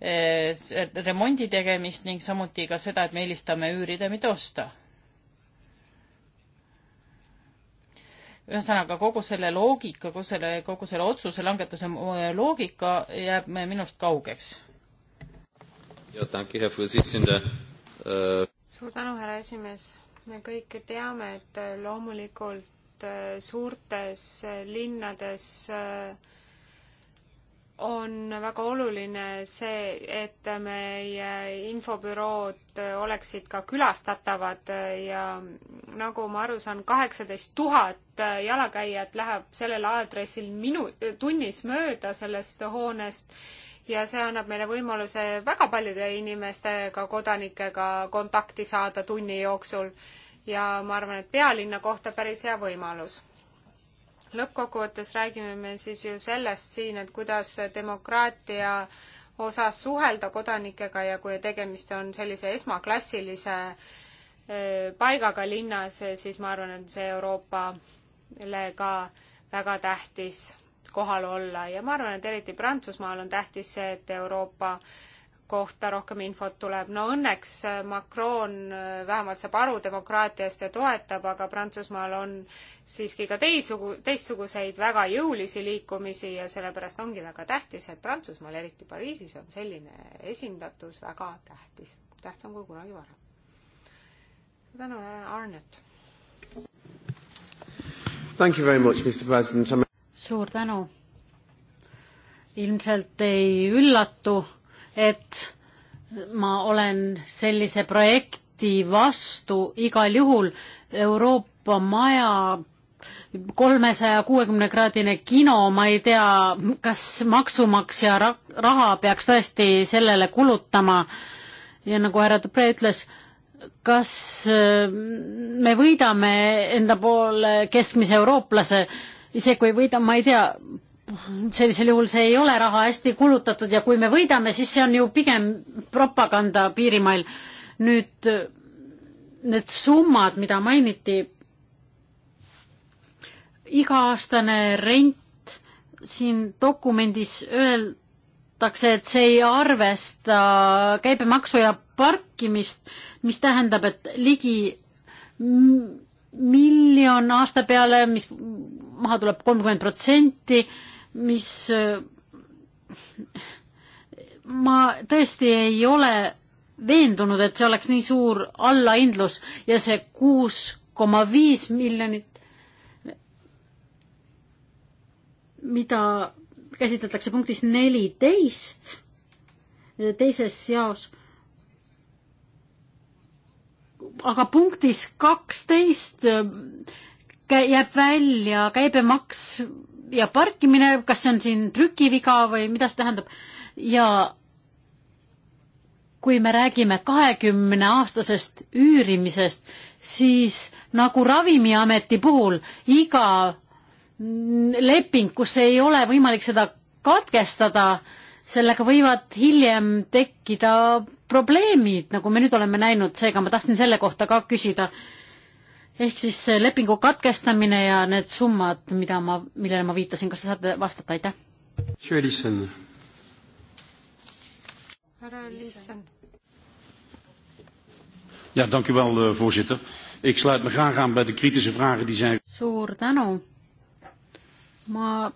B: äh, remondi tegemist ning samuti ka seda, et me eelistame üürida, mitte osta. ühesõnaga kogu selle loogika, kogu selle, kogu selle otsuse langetuse loogika jääb minust kaugeks.
D: suur tänu, härra esimees me kõik teame, et loomulikult äh, suurtes äh, linnades äh, on väga oluline see, et meie infobürood oleksid ka külastatavad ja nagu ma aru saan, kaheksateist tuhat jalakäijat läheb sellel aadressil minu, tunnis mööda sellest hoonest ja see annab meile võimaluse väga paljude inimestega, kodanikega kontakti saada tunni jooksul ja ma arvan, et pealinna kohta päris hea võimalus. lõppkokkuvõttes räägime me siis ju sellest siin, et kuidas demokraatia osas suhelda kodanikega ja kui tegemist on sellise esmaklassilise eh, paigaga linnas, siis ma arvan, et see Euroopale ka väga tähtis kohal olla ja ma arvan, et eriti Prantsusmaal on tähtis see, et Euroopa kohta rohkem infot tuleb. no õnneks Macron äh, vähemalt saab aru demokraatiast ja toetab, aga Prantsusmaal on siiski ka teisugu-, teistsuguseid väga jõulisi liikumisi ja sellepärast ongi väga tähtis, et Prantsusmaal, eriti Pariisis, on selline esindatus väga tähtis, tähtsam kui kunagi varem. suur tänu, härra Arnet!
C: Thank you very much, Mr President. I'm suur tänu. ilmselt ei üllatu, et ma olen sellise projekti vastu igal juhul. Euroopa Maja kolmesaja kuuekümne kraadine kino, ma ei tea, kas maksumaksja raha peaks tõesti sellele kulutama ja nagu härra Dupree ütles, kas äh, me võidame enda poole keskmise eurooplase äh, isegi kui võidan, ma ei tea, sellisel juhul see ei ole raha hästi kulutatud ja kui me võidame, siis see on ju pigem propaganda piirimail. nüüd need summad, mida mainiti, iga-aastane rent siin dokumendis öeldakse, et see ei arvesta käibemaksu ja parkimist, mis tähendab, et ligi miljon aasta peale, mis maha tuleb kolmkümmend protsenti, mis ma tõesti ei ole veendunud, et see oleks nii suur allahindlus ja see kuus koma viis miljonit, mida käsitletakse punktis neliteist, teises jaos. aga punktis kaksteist jääb välja käibemaks ja parkimine, kas see on siin trükiviga või mida see tähendab ja kui me räägime kahekümne aastasest üürimisest, siis nagu Ravimiameti puhul iga leping, kus ei ole võimalik seda katkestada, sellega võivad hiljem tekkida probleemid, nagu me nüüd oleme näinud, seega ma tahtsin selle kohta ka küsida ehk siis see lepingu katkestamine ja need summad, mida ma, millele ma viitasin, kas te saate vastata, aitäh? härra Lissen.
A: jah, tänku veel, eh, voorzitter. Ik sluit me graag aan bij de kritische vragen die zijn.
C: suur tänu. ma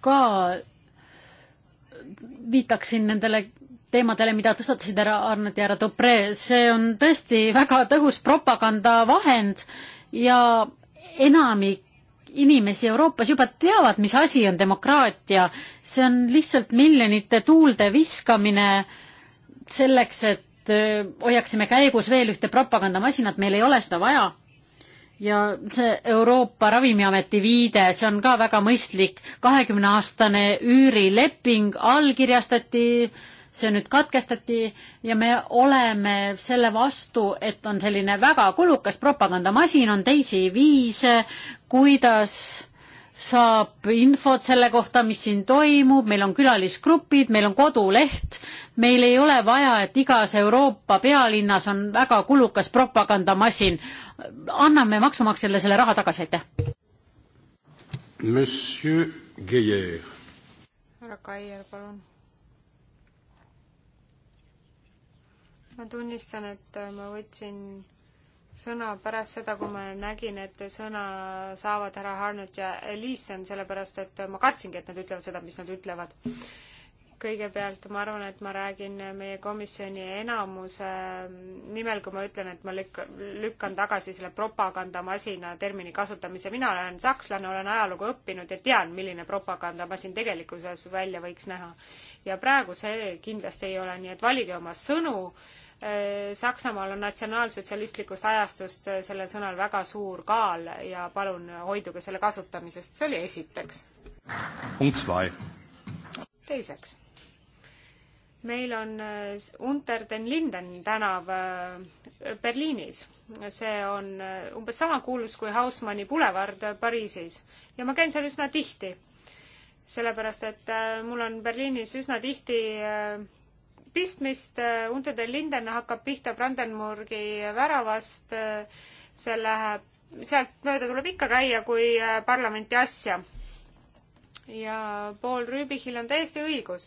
C: ka viitaksin nendele teemadele, mida tõstatasid härra Arnold ja härra Topre, see on tõesti väga tõhus propagandavahend ja enamik inimesi Euroopas juba teavad, mis asi on demokraatia. see on lihtsalt miljonite tuulde viskamine selleks, et äh, hoiaksime käigus veel ühte propagandamasinat, meil ei ole seda vaja ja see Euroopa Ravimiameti viide, see on ka väga mõistlik, kahekümneaastane üürileping allkirjastati see nüüd katkestati ja me oleme selle vastu, et on selline väga kulukas propagandamasin, on teisi viise, kuidas saab infot selle kohta, mis siin toimub, meil on külalisgrupid, meil on koduleht, meil ei ole vaja, et igas Euroopa pealinnas on väga kulukas propagandamasin. anname maksumaksjale selle raha tagasi, aitäh.
A: Monsieur Geier.
D: härra Kaier, palun ma tunnistan, et ma võtsin sõna pärast seda, kui ma nägin, et sõna saavad härra Harnut ja Eliisson, sellepärast et ma kartsingi, et nad ütlevad seda, mis nad ütlevad. kõigepealt ma arvan, et ma räägin meie komisjoni enamuse nimel, kui ma ütlen, et ma lükk-, lükkan tagasi selle propagandamasina termini kasutamise. mina olen sakslane, olen ajalugu õppinud ja tean, milline propagandamasin tegelikkuses välja võiks näha. ja praegu see kindlasti ei ole, nii et valige oma sõnu Äh, Saksamaal on natsionaalsotsialistlikust ajastust äh, sellel sõnal väga suur kaal ja palun äh, hoiduge selle kasutamisest, see oli esiteks. teiseks, meil on Unter den Linden tänav Berliinis. see on umbes sama kuulus kui Hausmanni boulevard Pariisis ja ma käin seal üsna tihti sellepärast, et mul on Berliinis üsna tihti pistmist, äh, Unter den Linden hakkab pihta Brandenburgi väravast, äh, see läheb, sealt mööda tuleb ikka käia kui äh, parlamenti asja. ja Paul Rüübichil on täiesti õigus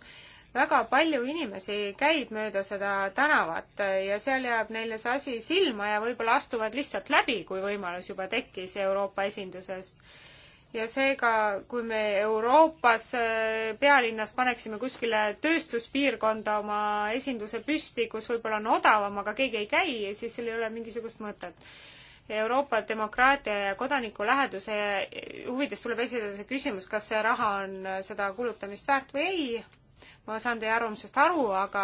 D: väga palju inimesi käib mööda seda tänavat ja seal jääb neile see asi silma ja võib-olla astuvad lihtsalt läbi, kui võimalus juba tekkis Euroopa esindusest ja seega, kui me Euroopas äh, pealinnas paneksime kuskile tööstuspiirkonda oma esinduse püsti, kus võib-olla on odavam, aga keegi ei käi, siis seal ei ole mingisugust mõtet. Euroopa demokraatia ja kodanikuläheduse huvides tuleb esitada see küsimus, kas see raha on äh, seda kulutamist väärt või ei. ma saan teie arvamusest aru, aga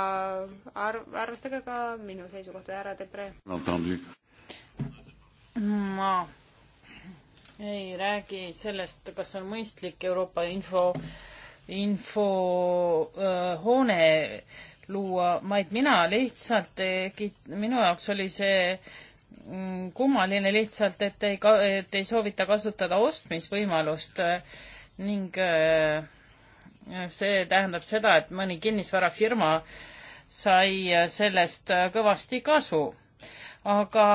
D: arv-, arvestage ka minu seisukohta, härra Debre.
B: ma ei räägi sellest, kas on mõistlik Euroopa info, infohoone äh, luua, vaid mina lihtsalt äh,, minu jaoks oli see mm, kummaline lihtsalt, et ei, et ei soovita kasutada ostmisvõimalust äh, ning see tähendab seda, et mõni kinnisvarafirma sai eh, sellest kõvasti kasu. aga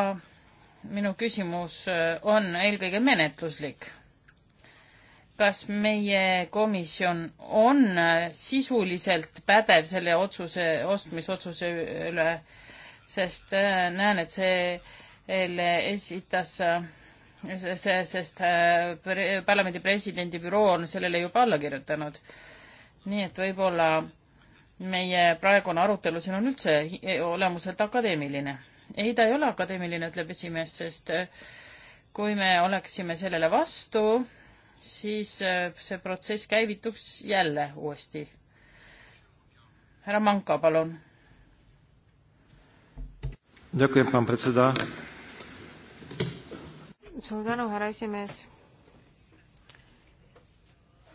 B: minu küsimus äh, on eelkõige menetluslik. kas meie komisjon on äh, sisuliselt pädev selle otsuse, ostmisotsuse üle, sest äh, näen, et see esitas sest parlamendi presidendi büroo on sellele juba alla kirjutanud. nii et võib-olla meie praegune arutelu siin on üldse olemuselt akadeemiline ei, ta ei ole akadeemiline, ütleb esimees, sest äh, kui me oleksime sellele vastu, siis äh, see protsess käivituks jälle uuesti. härra Manka, palun.
D: suur tänu, härra esimees.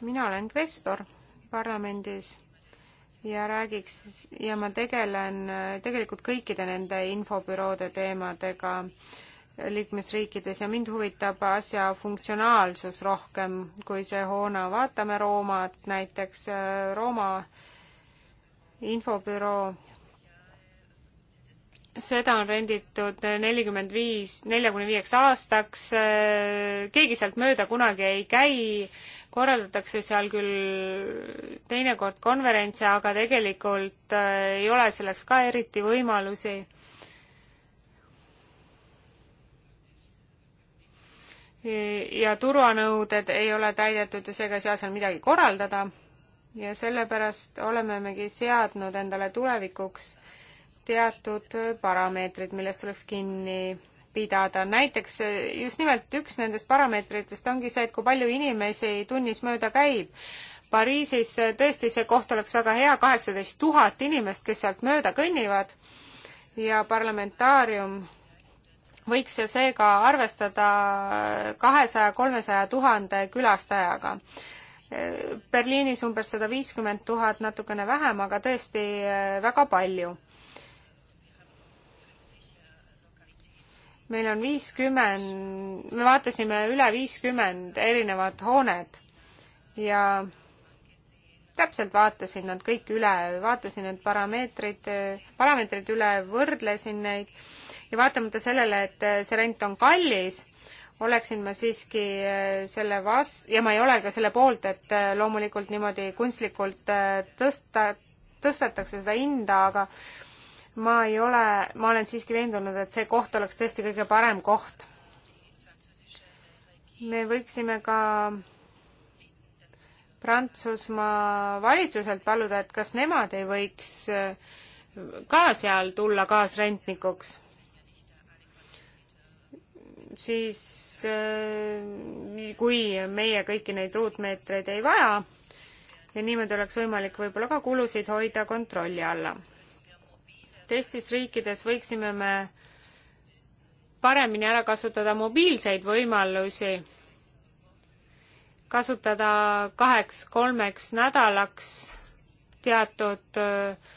D: mina olen kvestor parlamendis ja räägiks ja ma tegelen äh, tegelikult kõikide nende infobüroode teemadega liikmesriikides ja mind huvitab asja funktsionaalsus rohkem kui see hoone. vaatame Roomat näiteks, äh, Rooma infobüroo seda on renditud nelikümmend viis, neljakümne viieks aastaks, äh, keegi sealt mööda kunagi ei käi, korraldatakse seal küll teinekord konverentse, aga tegelikult äh, ei ole selleks ka eriti võimalusi. ja turvanõuded ei ole täidetud ja seega ei saa seal midagi korraldada ja sellepärast olemegi seadnud endale tulevikuks teatud parameetrid, millest tuleks kinni pidada. näiteks eh, just nimelt üks nendest parameetritest ongi see, et kui palju inimesi tunnis mööda käib. Pariisis eh, tõesti see koht oleks väga hea, kaheksateist tuhat inimest, kes sealt mööda kõnnivad ja parlamentaarium võiks seega arvestada eh, kahesaja, kolmesaja tuhande külastajaga Berliinis umbes sada viiskümmend tuhat, natukene vähem, aga tõesti väga palju. meil on viiskümmend, me vaatasime üle viiskümmend erinevat hoonet ja täpselt vaatasin nad kõik üle, vaatasin need parameetrid, parameetrid üle, võrdlesin neid ja vaatamata sellele, et see rent on kallis, oleksin ma siiski äh, selle vas-, ja ma ei ole ka selle poolt, et äh, loomulikult niimoodi kunstlikult äh, tõsta, tõstetakse seda hinda, aga ma ei ole, ma olen siiski veendunud, et see koht oleks tõesti kõige parem koht. me võiksime ka Prantsusmaa valitsuselt paluda, et kas nemad ei võiks äh, ka seal tulla kaasrentnikuks. siis äh, kui meie kõiki neid ruutmeetreid ei vaja ja niimoodi oleks võimalik võib-olla ka kulusid hoida kontrolli alla teistes riikides võiksime me paremini ära kasutada mobiilseid võimalusi, kasutada kaheks-kolmeks nädalaks teatud äh,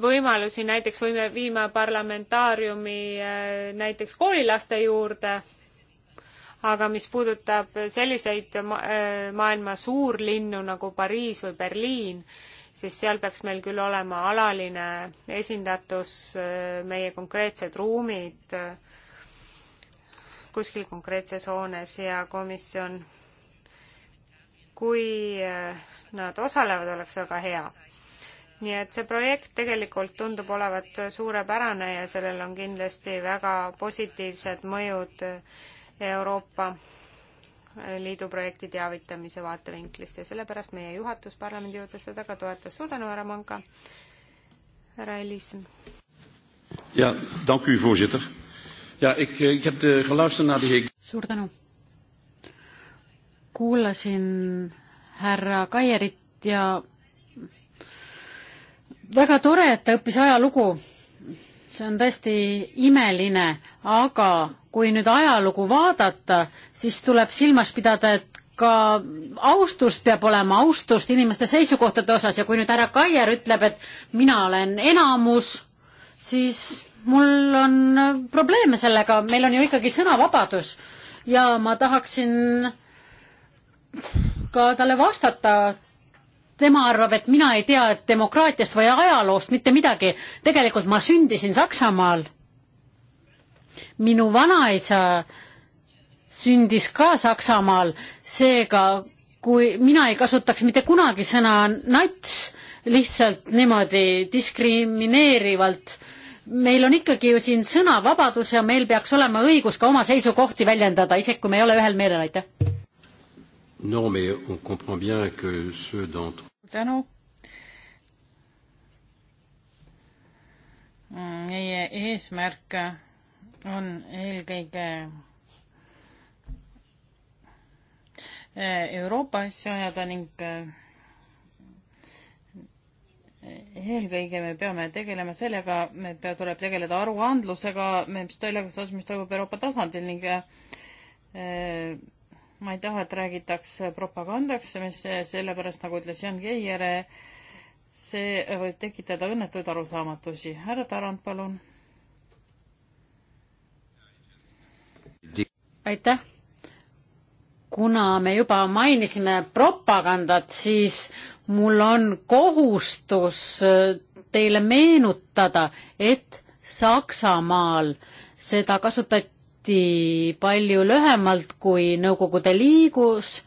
D: võimalusi, näiteks võime viima parlamentaariumi äh, näiteks koolilaste juurde, aga mis puudutab selliseid äh, maailma suurlinnu nagu Pariis või Berliin, siis seal peaks meil küll olema alaline esindatus, äh, meie konkreetsed ruumid äh, kuskil konkreetses hoones ja komisjon, kui äh, nad osalevad, oleks väga hea. nii et see projekt tegelikult tundub olevat suurepärane ja sellel on kindlasti väga positiivsed mõjud Euroopa liidu projekti teavitamise vaatevinklist ja sellepärast meie juhatus parlamendi juurde seda ka toetas. suur tänu, härra Manka. härra Elissen.
A: ja, dank u, voorzitter. ja, ik, eh, ik heb de eh, geluisterd naar de heer.
C: suur tänu. kuulasin härra Kaierit ja väga tore, et ta õppis ajalugu see on tõesti imeline, aga kui nüüd ajalugu vaadata, siis tuleb silmas pidada, et ka austust peab olema, austust inimeste seisukohtade osas ja kui nüüd härra Kaier ütleb, et mina olen enamus, siis mul on probleeme sellega, meil on ju ikkagi sõnavabadus ja ma tahaksin ka talle vastata, tema arvab, et mina ei tea demokraatiast või ajaloost mitte midagi. tegelikult ma sündisin Saksamaal. minu vanaisa sündis ka Saksamaal, seega kui mina ei kasutaks mitte kunagi sõna nats lihtsalt niimoodi diskrimineerivalt, meil on ikkagi ju siin sõnavabadus ja meil peaks olema õigus ka oma seisukohti väljendada, isegi kui me ei ole ühel meelel, aitäh.
A: Non, mais on comprend bien que ceux d'entre
C: tänu.
B: meie eesmärk on eelkõige Euroopa asju ajada ning eelkõige me peame tegelema sellega, et tuleb tegeleda aruandlusega, mis sellega, mis toimub Euroopa tasandil ning äh, ma ei taha, et räägitaks propagandaks, mis sellepärast, nagu ütles Jan Geier, see võib tekitada õnnetuid arusaamatusi. härra Tarand, palun.
C: aitäh. kuna me juba mainisime propagandat, siis mul on kohustus teile meenutada, et Saksamaal seda kasutati hästi palju lühemalt kui Nõukogude Liigus,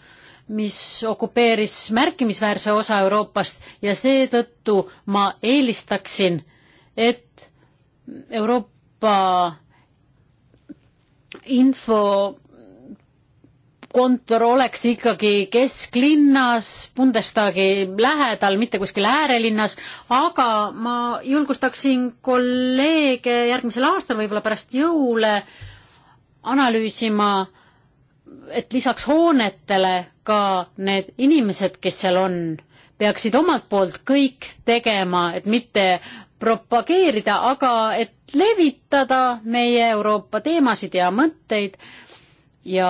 C: mis okupeeris märkimisväärse osa Euroopast ja seetõttu ma eelistaksin, et Euroopa infokontor oleks ikkagi kesklinnas, Bundestagi lähedal, mitte kuskil äärelinnas, aga ma julgustaksin kolleege järgmisel aastal, võib-olla pärast jõule äh, analüüsima, et lisaks hoonetele ka need inimesed, kes seal on, peaksid omalt poolt kõik tegema, et mitte propageerida, aga et levitada meie Euroopa teemasid ja mõtteid ja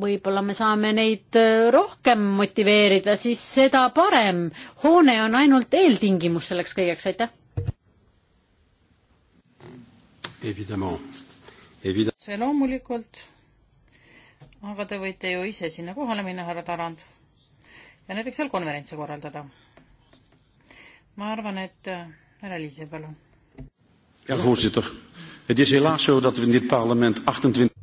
C: võib-olla me saame neid äh, rohkem motiveerida, siis seda parem. hoone on ainult eeltingimus selleks kõigeks, aitäh
B: see loomulikult, aga te võite ju ise sinna kohale minna, härra Tarand, ja näiteks seal konverentse korraldada. ma arvan, et
C: äh, härra Liise, palun.
A: jah, voorzitter. Het is helaas zo dat we in dit parlement achtentwintig 28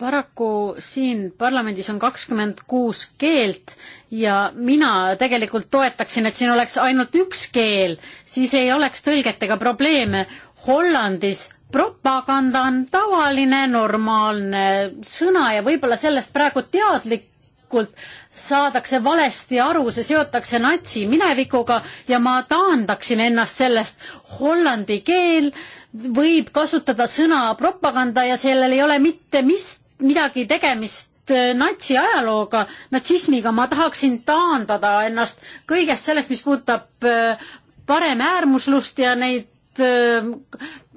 C: paraku siin parlamendis on kakskümmend kuus keelt ja mina tegelikult toetaksin, et siin oleks ainult üks keel, siis ei oleks tõlgetega probleeme. Hollandis propaganda on tavaline normaalne sõna ja võib-olla sellest praegu teadlikult saadakse valesti aru, see seotakse natsi minevikuga ja ma taandaksin ennast sellest. Hollandi keel võib kasutada sõna propaganda ja sellel ei ole mitte mis, midagi tegemist äh, natsi ajalooga, natsismiga, ma tahaksin taandada ennast kõigest sellest, mis puudutab äh, paremäärmuslust ja neid Ähm,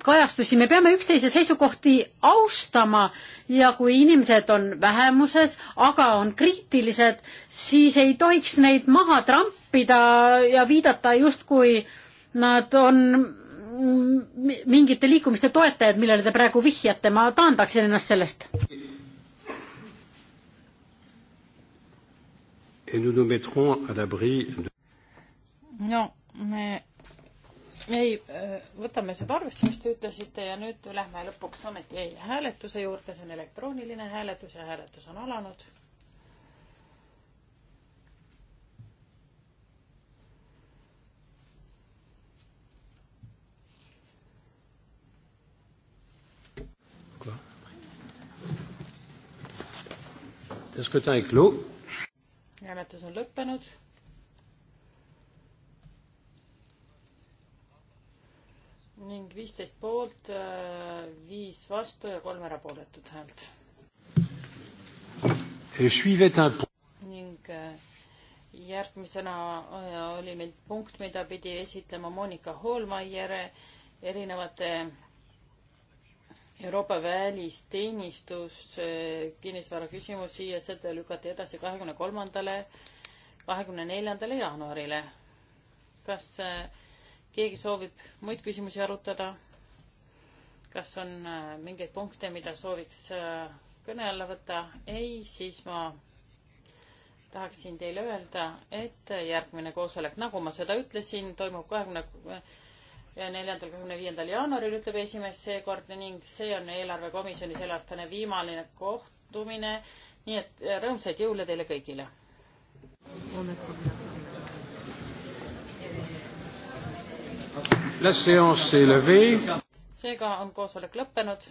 C: kajastusi, me peame üksteise seisukohti austama ja kui inimesed on vähemuses, aga on kriitilised, siis ei tohiks neid maha trampida ja viidata justkui nad on mingite liikumiste toetajad, millele te praegu vihjate, ma taandaksin ennast sellest. no me
B: ei, äh, võtame seda arvesse, mis te ütlesite ja nüüd lähme lõpuks ometi eile hääletuse juurde, see on elektrooniline hääletus ja hääletus on alanud. hääletus on lõppenud ning viisteist poolt, äh, viis vastu ja kolm erapooletut häält. ning äh, järgmisena äh, oli meil punkt, mida pidi esitlema Monika Hoolmeier erinevate Euroopa välisteenistus kinnisvara küsimusi ja seda lükati edasi kahekümne kolmandale, kahekümne neljandale jaanuarile. kas äh, keegi soovib muid küsimusi arutada? kas on äh, mingeid punkte, mida sooviks äh, kõne alla võtta? ei, siis ma tahaksin teile öelda, et järgmine koosolek, nagu ma seda ütlesin, toimub kahekümne neljandal, kahekümne viiendal jaanuaril, ütleb esimees seekord ning see on eelarvekomisjoni selleaastane viimane kohtumine. nii et rõõmsaid jõule teile kõigile.
C: hommikul.
A: La séance est levée.
B: seega on koosolek lõppenud.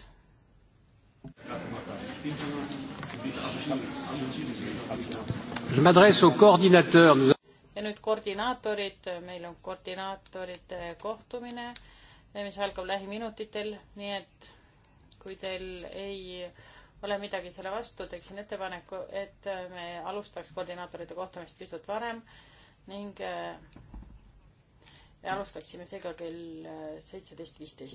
A: Je m'adresse aux coordinateurs.
B: ja nüüd koordinaatorid, meil on koordinaatorite kohtumine, mis algab lähiminutitel, nii et kui teil ei ole midagi selle vastu, teeksin ettepaneku, et me alustaks koordinaatorite kohtumist pisut varem ning äh, ja alustaksime seega kell äh, seitseteist viisteist.